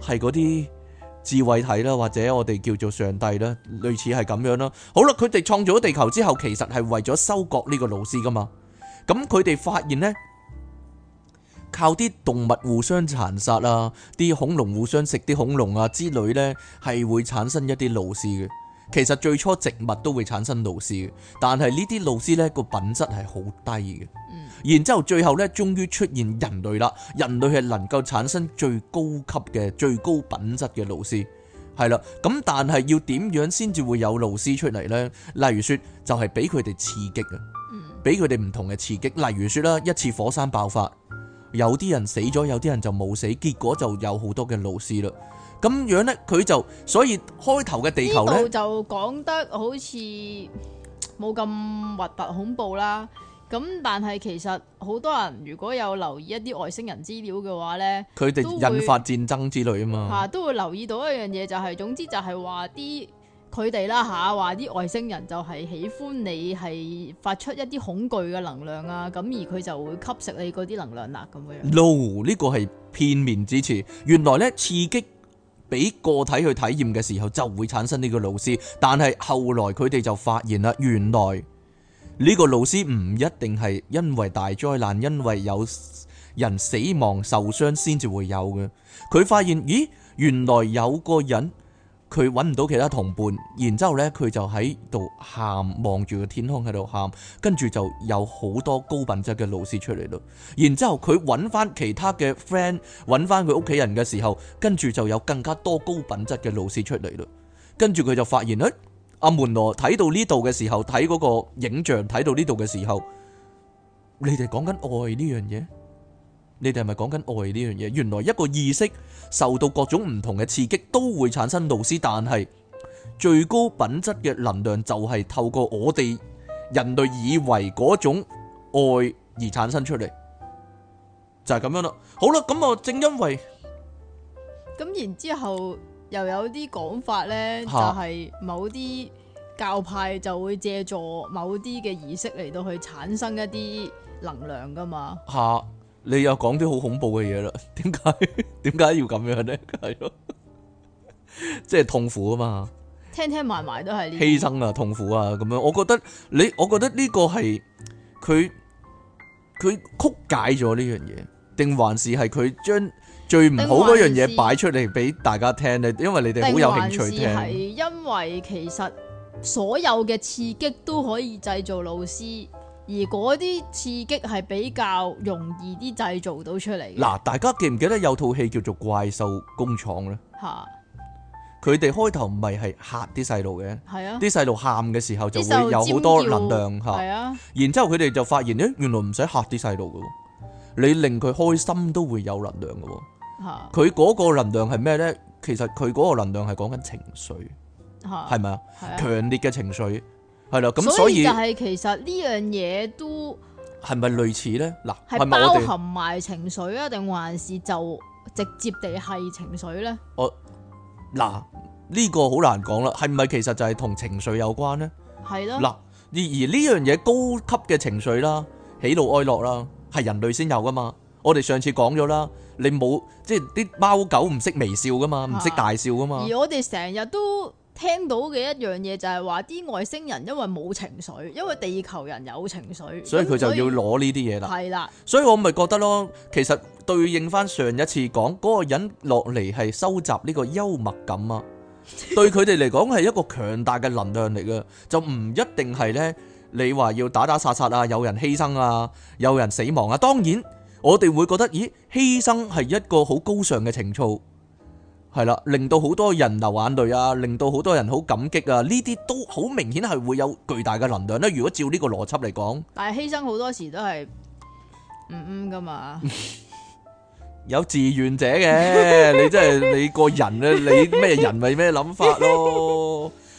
係嗰啲智慧體啦，或者我哋叫做上帝啦，類似係咁樣啦。好啦，佢哋創造咗地球之後，其實係為咗收割呢個老斯噶嘛。咁佢哋發現呢，靠啲動物互相殘殺啊，啲恐龍互相食啲恐龍啊之類呢，係會產生一啲老斯嘅。其實最初植物都會產生路斯，但係呢啲路斯咧個品質係好低嘅。嗯，然之後最後咧，終於出現人類啦。人類係能夠產生最高級嘅、最高品質嘅路斯，係啦。咁但係要點樣先至會有路斯出嚟呢？例如說，就係俾佢哋刺激嘅，俾佢哋唔同嘅刺激。例如說啦，一次火山爆發，有啲人死咗，有啲人就冇死，結果就有好多嘅路斯啦。咁樣呢，佢就所以開頭嘅地球咧，就講得好似冇咁核突恐怖啦。咁但係其實好多人如果有留意一啲外星人資料嘅話呢，佢哋引發戰爭之類嘛啊嘛吓，都會留意到一樣嘢就係、是，總之就係話啲佢哋啦吓，話啲、啊、外星人就係喜歡你係發出一啲恐懼嘅能量啊，咁而佢就會吸食你嗰啲能量啦咁樣。no 呢個係片面之詞，原來呢刺激。俾個體去體驗嘅時候，就會產生呢個老師。但係後來佢哋就發現啦，原來呢個老師唔一定係因為大災難、因為有人死亡受傷先至會有嘅。佢發現，咦，原來有個人。佢揾唔到其他同伴，然之後咧佢就喺度喊，望住個天空喺度喊，跟住就有好多高品質嘅老師出嚟咯。然之後佢揾翻其他嘅 friend，揾翻佢屋企人嘅時候，跟住就有更加多高品質嘅老師出嚟咯。跟住佢就發現咧，阿門羅睇到呢度嘅時候，睇嗰個影像，睇到呢度嘅時候，你哋講緊愛呢樣嘢，你哋係咪講緊愛呢樣嘢？原來一個意識受到各種唔同嘅刺激，都會產生腦絲。但係最高品質嘅能量就係透過我哋人類以為嗰種愛而產生出嚟，就係咁樣啦。好啦，咁啊正因為咁，然之後又有啲講法呢，就係某啲教派就會借助某啲嘅儀式嚟到去產生一啲能量噶嘛。你又講啲好恐怖嘅嘢啦？點解？點解要咁樣呢？係咯，即係痛苦啊嘛！聽聽埋埋都係犧牲啊，痛苦啊，咁樣。我覺得你，我覺得呢個係佢佢曲解咗呢樣嘢，還定還是係佢將最唔好嗰樣嘢擺出嚟俾大家聽咧？因為你哋好有興趣聽，係因為其實所有嘅刺激都可以製造老師。而嗰啲刺激係比較容易啲製造到出嚟嗱，大家記唔記得有套戲叫做怪獸《怪獸工廠》咧？ 吓，佢哋開頭唔係係嚇啲細路嘅，係 啊，啲細路喊嘅時候就會有好多能量吓， 啊、然之後佢哋就發現咧，原來唔使嚇啲細路嘅，你令佢開心都會有能量嘅。吓，佢 嗰個能量係咩咧？其實佢嗰個能量係講緊情緒，係咪 吧 啊？強烈嘅情緒。 係啦，咁所以就係其實呢樣嘢都係咪類似咧？嗱，係咪包含埋情緒啊？定還是就直接地係情緒咧？哦，嗱呢個好難講啦，係唔係其實就係同情緒有關咧？係咯，嗱而而呢樣嘢高級嘅情緒啦，喜怒哀樂啦，係人類先有噶嘛？我哋上次講咗啦，你冇即係啲貓狗唔識微笑噶嘛，唔識大笑噶嘛？而我哋成日都。聽到嘅一樣嘢就係話啲外星人因為冇情緒，因為地球人有情緒，所以佢就要攞呢啲嘢啦。係啦，所以我咪覺得咯，其實對應翻上一次講嗰個人落嚟係收集呢個幽默感啊，對佢哋嚟講係一個強大嘅能量嚟嘅，就唔一定係呢。你話要打打殺殺啊，有人犧牲啊，有人死亡啊。當然，我哋會覺得，咦，犧牲係一個好高尚嘅情操。係啦，令到好多人流眼淚啊，令到好多人好感激啊，呢啲都好明顯係會有巨大嘅能量咧。如果照呢個邏輯嚟講，但係犧牲好多時都係唔唔噶嘛，嗯嗯 有志願者嘅， 你真係你個人咧， 你咩人咪咩諗法咯。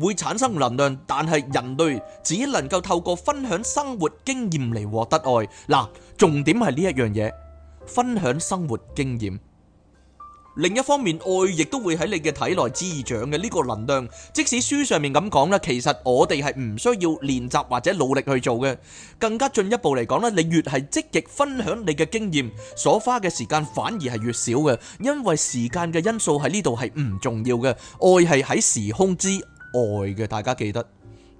會產生能量，但係人類只能夠透過分享生活經驗嚟獲得愛。嗱，重點係呢一樣嘢，分享生活經驗。另一方面，愛亦都會喺你嘅體內滋長嘅呢個能量。即使書上面咁講啦，其實我哋係唔需要練習或者努力去做嘅。更加進一步嚟講咧，你越係積極分享你嘅經驗，所花嘅時間反而係越少嘅，因為時間嘅因素喺呢度係唔重要嘅。愛係喺時空之。愛嘅，大家記得。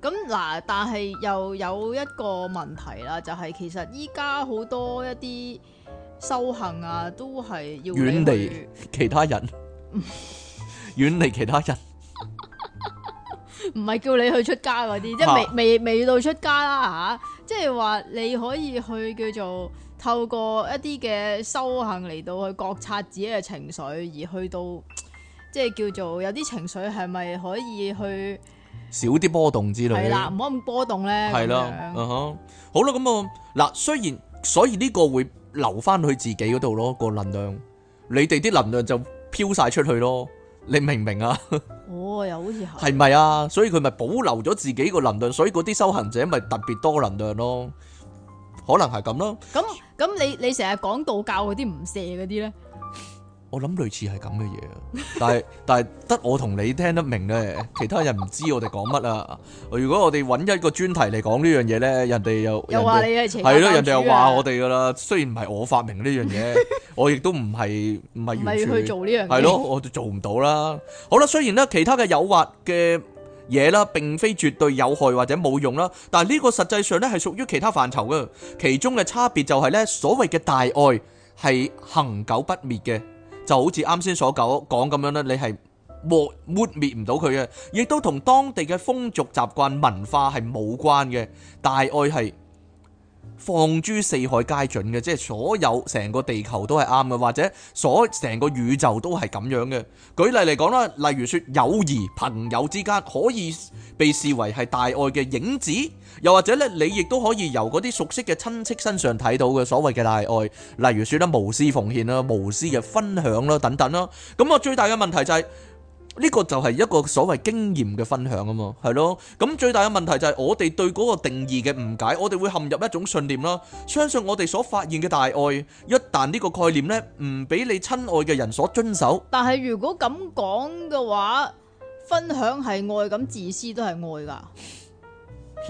咁嗱，但係又有一個問題啦，就係、是、其實依家好多一啲修行啊，都係要遠離其他人，遠 離其他人。唔係 叫你去出家嗰啲， 即係未未未到出家啦吓、啊。即係話你可以去叫做透過一啲嘅修行嚟到去覺察自己嘅情緒，而去到。即係叫做有啲情緒係咪可以去少啲波動之類？係啦，唔好咁波動咧。係咯，啊哈，好啦，咁啊嗱，雖然所以呢個會留翻去自己嗰度咯，個能量，你哋啲能量就飄晒出去咯，你明唔明啊？哦，又好似係。係咪啊？所以佢咪保留咗自己個能量，所以嗰啲修行者咪特別多能量咯，可能係咁咯。咁咁，你你成日講道教嗰啲唔射嗰啲咧？我諗類似係咁嘅嘢，但係但係得我同你聽得明咧，其他人唔知我哋講乜啊！如果我哋揾一個專題嚟講呢樣嘢咧，人哋又又話你係扯，係咯家，人哋家又話我哋噶啦。 雖然唔係我發明呢樣嘢，我亦都唔係唔係完全去做呢樣嘢咯，我哋做唔到啦。好啦，雖然咧其他嘅誘惑嘅嘢啦，並非絕對有害或者冇用啦，但係呢個實際上咧係屬於其他範疇嘅，其中嘅差別就係咧，所謂嘅大愛係恒久不滅嘅。就好似啱先所講講咁樣咧，你係抹抹滅唔到佢嘅，亦都同當地嘅風俗習慣文化係冇關嘅，大愛係放諸四海皆準嘅，即係所有成個地球都係啱嘅，或者所成個宇宙都係咁樣嘅。舉例嚟講啦，例如説，友誼，朋友之間可以被視為係大愛嘅影子，又或者咧，你亦都可以由嗰啲熟悉嘅親戚身上睇到嘅所謂嘅大愛，例如説咧無私奉獻啦、無私嘅分享啦等等啦。咁我最大嘅問題就係，是。呢個就係一個所謂經驗嘅分享啊嘛，係咯。咁最大嘅問題就係我哋對嗰個定義嘅誤解，我哋會陷入一種信念啦。相信我哋所發現嘅大愛，一旦呢個概念呢唔俾你親愛嘅人所遵守，但係如果咁講嘅話，分享係愛，咁自私都係愛噶。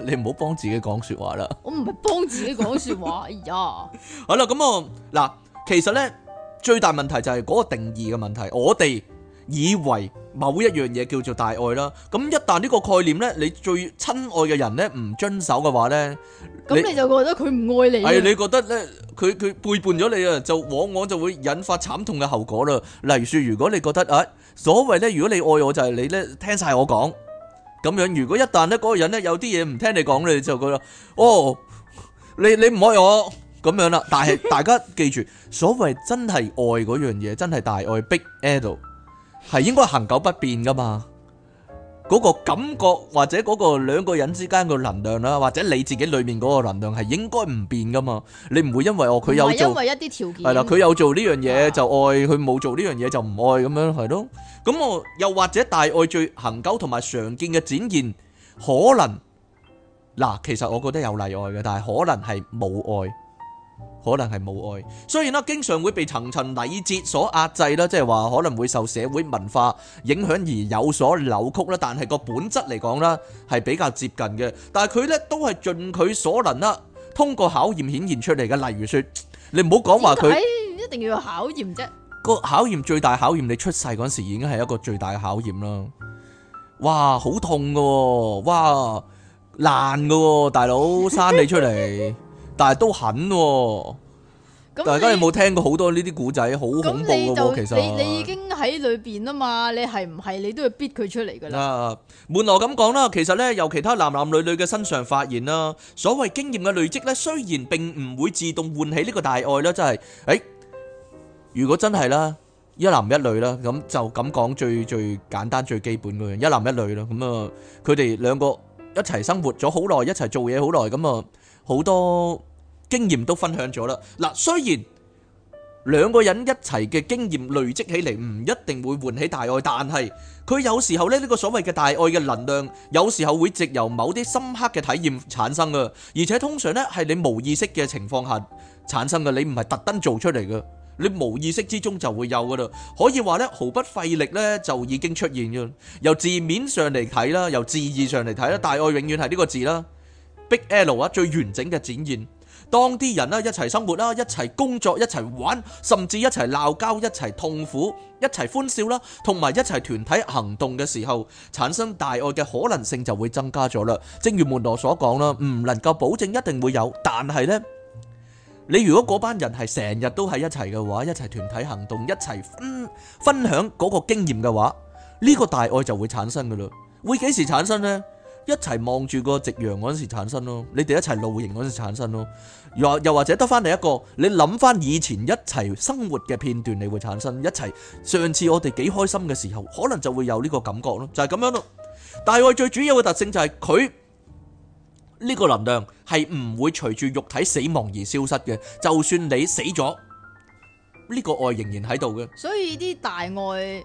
你唔好幫自己講說話啦。我唔係幫自己講說話，哎呀。好啦，咁我嗱，其實呢，最大問題就係嗰個定義嘅問題，我哋以為。某一樣嘢叫做大愛啦，咁一旦呢個概念呢，你最親愛嘅人呢唔遵守嘅話呢，咁你，你就覺得佢唔愛你。係、哎、你覺得呢，佢佢背叛咗你啊，就往往就會引發慘痛嘅後果啦。例如說，如果你覺得啊，所謂呢，如果你愛我就係你呢聽晒我講咁樣，如果一旦呢嗰個人呢有啲嘢唔聽你講，你就覺得哦，你你唔愛我咁樣啦。但係 大家記住，所謂真係愛嗰樣嘢，真係大愛 big idol。係應該恒久不變噶嘛？嗰個感覺或者嗰個兩個人之間個能量啦，或者你自己裏面嗰個能量係應該唔變噶嘛？你唔會因為哦佢有做一啲條件，係啦，佢有做呢樣嘢就愛，佢冇做呢樣嘢就唔愛咁樣係咯。咁我又或者大愛最恒久同埋常見嘅展現，可能嗱，其實我覺得有例外嘅，但係可能係冇愛。可能係母愛，雖然啦，經常會被層層禮節所壓制啦，即係話可能會受社會文化影響而有所扭曲啦，但係個本質嚟講啦，係比較接近嘅。但係佢呢都係盡佢所能啦，通過考驗顯現出嚟嘅。例如說，你唔好講話佢一定要考驗啫。個考驗最大考驗，你出世嗰時已經係一個最大嘅考驗啦。哇，好痛嘅，哇爛嘅，大佬生你出嚟。但係都狠，大家有冇聽過好多呢啲古仔？好恐怖喎！其實你你已經喺裏邊吖嘛，你係唔係你都要逼佢出嚟噶啦？啊，換我咁講啦，其實呢由其他男男女女嘅身上發現啦，所謂經驗嘅累積呢，雖然並唔會自動喚起呢個大愛啦，真係誒，如果真係啦，一男一女啦，咁就咁講最最簡單最基本嘅，一男一女啦，咁啊，佢哋兩個一齊生活咗好耐，一齊做嘢好耐，咁啊好多。經驗都分享咗啦。嗱，雖然兩個人一齊嘅經驗累積起嚟，唔一定會喚起大愛，但係佢有時候呢，呢個所謂嘅大愛嘅能量，有時候會藉由某啲深刻嘅體驗產生噶而且通常呢係你冇意識嘅情況下產生噶你唔係特登做出嚟噶你冇意識之中就會有噶啦。可以話呢，毫不費力呢就已經出現噶。由字面上嚟睇啦，由字義上嚟睇啦，大愛永遠係呢個字啦，Big L 啊最完整嘅展現。當啲人啦，一齊生活啦，一齊工作、一齊玩，甚至一齊鬧交、一齊痛苦、一齊歡笑啦，同埋一齊團體行動嘅時候，產生大愛嘅可能性就會增加咗啦。正如門羅所講啦，唔能夠保證一定會有，但係呢，你如果嗰班人係成日都喺一齊嘅話，一齊團體行動、一齊分分享嗰個經驗嘅話，呢個大愛就會產生㗎啦。會幾時產生呢？一齊望住個夕陽嗰陣時產生咯，你哋一齊露營嗰陣時產生咯，又又或者得翻你一個，你諗翻以前一齊生活嘅片段你會產生一齊上次我哋幾開心嘅時候，可能就會有呢個感覺咯，就係咁樣咯。大愛最主要嘅特性就係佢呢個能量係唔會隨住肉體死亡而消失嘅，就算你死咗，呢個愛仍然喺度嘅。所以啲大愛。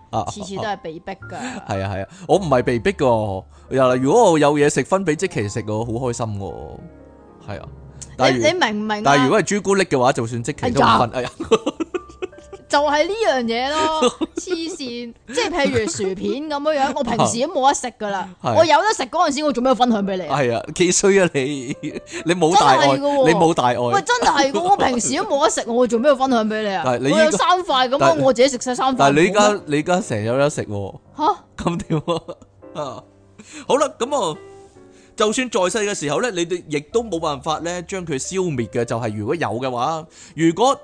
啊！次次都係被逼㗎。係啊係啊，我唔係被逼㗎。又，如果我有嘢食分俾積奇食，我好開心㗎。係啊，你你明唔明啊？但係如，、啊、如果係朱古力嘅話，就算積奇都唔分。哎呀 呦～ 就係呢樣嘢咯，黐線！即係譬如薯片咁樣樣，我平時都冇得食噶啦。我有得食嗰陣時，我做咩分享俾你啊？係啊，幾衰啊你！ 你冇大，你冇大愛。喂，真係喎！我平時都冇得食，我做咩分享俾你啊？我有三塊咁但 我自己食晒三塊。但係你而家沒了 你而家成日有得食喎。吓？咁點啊？啊， 好啦，咁啊，就算在世嘅時候咧，你哋亦都冇辦法咧，將佢消滅嘅，就係如果有嘅話，如果。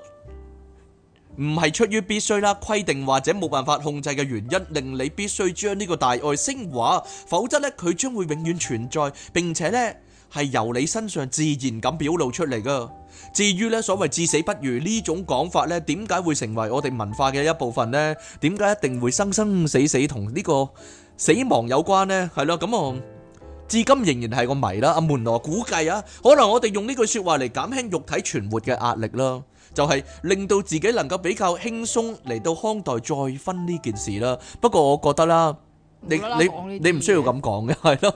唔係出於必須啦，規定或者冇辦法控制嘅原因，令你必須將呢個大愛升華，否則呢，佢將會永遠存在，並且呢係由你身上自然咁表露出嚟噶。至於呢所謂「至死不渝」呢種講法呢，點解會成為我哋文化嘅一部分呢？點解一定會生生死死同呢個死亡有關呢？係咯，咁我至今仍然係個謎啦。阿、啊、門羅估計啊，可能我哋用呢句說話嚟減輕肉體存活嘅壓力啦。就係令到自己能夠比較輕鬆嚟到康代再婚呢件事啦。不過我覺得啦，你你你唔需要咁講嘅，係咯。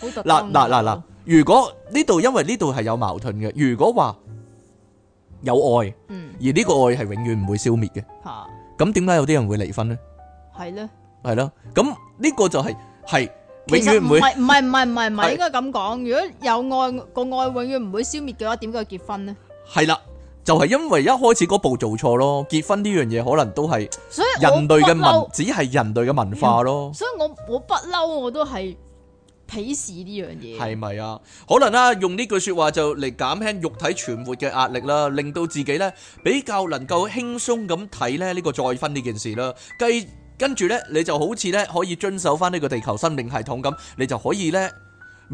嗱嗱嗱嗱，如果呢度因為呢度係有矛盾嘅，如果話有愛，而呢個愛係永遠唔會消滅嘅，咁點解有啲人會離婚咧？係咧，係咯。咁呢個就係係永遠唔會唔係唔係唔係唔係唔係應該咁講。如果有愛個愛永遠唔會消滅嘅話，點解要結婚咧？係啦。就係因為一開始嗰步做錯咯，結婚呢樣嘢可能都係人類嘅文，只係人類嘅文化咯。所以我我不嬲，我都係鄙視呢樣嘢。係咪啊？可能啦，用呢句說話就嚟減輕肉體存活嘅壓力啦，令到自己呢比較能夠輕鬆咁睇呢呢個再婚呢件事啦。繼跟住呢，你就好似呢可以遵守翻呢個地球生命系統咁，你就可以呢。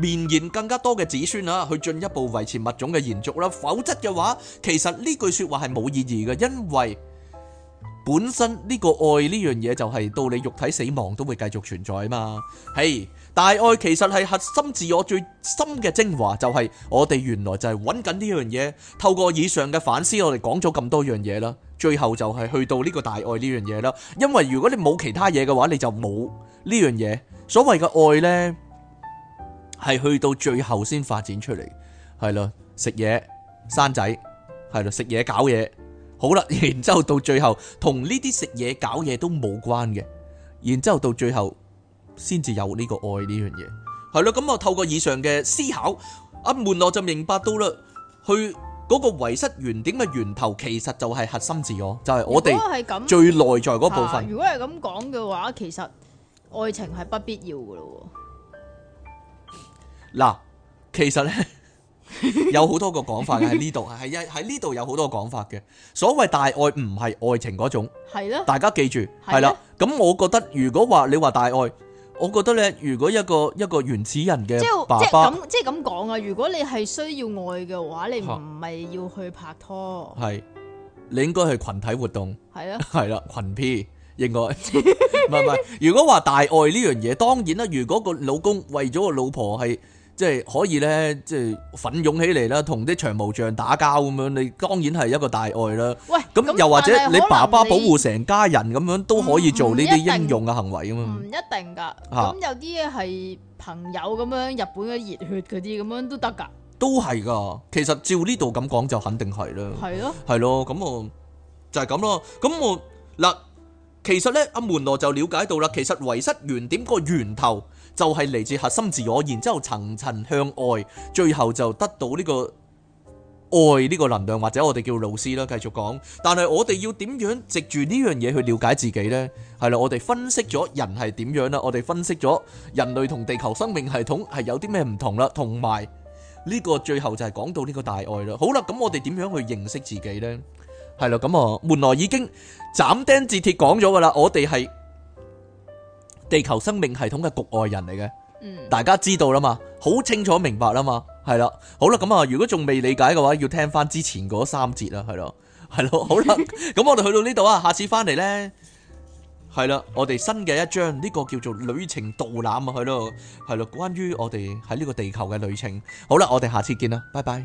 綿延更加多嘅子孫啊，去進一步維持物種嘅延續啦。否則嘅話，其實呢句說話係冇意義嘅，因為本身呢個愛呢樣嘢就係、係、到你肉體死亡都會繼續存在嘛。係、hey, 大愛其實係核心自我最深嘅精華，就係、係、我哋原來就係搵緊呢樣嘢。透過以上嘅反思，我哋講咗咁多樣嘢啦，最後就係去到呢個大愛呢樣嘢啦。因為如果你冇其他嘢嘅話，你就冇呢樣嘢。所謂嘅愛呢。係去到最後先發展出嚟，係咯，食嘢生仔，係咯，食嘢搞嘢，好啦，然之後到最後同呢啲食嘢搞嘢都冇關嘅，然之後到最後先至有呢個愛呢樣嘢，係咯。咁我透過以上嘅思考，阿門我就明白到啦，去嗰個遺失原點嘅源頭，其實就係核心自我，就係我哋最內在嗰部分。如果係咁講嘅話，其實愛情係不必要噶咯。嗱，其實咧有好多個講法喺呢度，係喺呢度有好多講法嘅。所謂大愛唔係愛情嗰種，係咯，大家記住係啦。咁我覺得如果話你話大愛，我覺得咧，如果一個一個原始人嘅爸爸，即係咁，即係咁講啊。如果你係需要愛嘅話，你唔係要去拍拖，係你應該係群體活動，係啊，係啦，群 P 應該唔係唔係。如果話大愛呢樣嘢，當然啦，如果個老公為咗個老婆係。即係可以咧，即係奮勇起嚟啦，同啲長毛象打交咁樣，你當然係一個大愛啦。喂，咁又或者你爸爸保護成家人咁樣都可以做呢啲英勇嘅行為啊嘛？唔一定㗎，咁有啲嘢係朋友咁樣，日本嘅熱血嗰啲咁樣都得㗎。都係㗎，其實照呢度咁講就肯定係啦。係咯，係咯，咁我就係咁咯。咁我嗱，其實咧，阿門羅就瞭解到啦，其實遺失原點個源頭。就係嚟自核心自我，然之後層層向外，最後就得到呢個愛呢個能量，或者我哋叫老師啦。繼續講，但係我哋要點樣藉住呢樣嘢去了解自己呢？係啦，我哋分析咗人係點樣啦，我哋分析咗人類同地球生命系統係有啲咩唔同啦，同埋呢個最後就係講到呢個大愛啦。好啦，咁我哋點樣去認識自己呢？係啦，咁啊，原來已經斬釘截鐵講咗噶啦，我哋係。地球生命系統嘅局外人嚟嘅，嗯、大家知道啦嘛，好清楚明白啦嘛，係啦，好啦，咁啊，如果仲未理解嘅話，要聽翻之前嗰三節啦，係咯，係咯，好啦，咁 我哋去到呢度啊，下次翻嚟呢，係啦，我哋新嘅一章，呢、呢個叫做旅程導覽啊，係咯，係咯，關於我哋喺呢個地球嘅旅程，好啦，我哋下次見啦，拜拜。.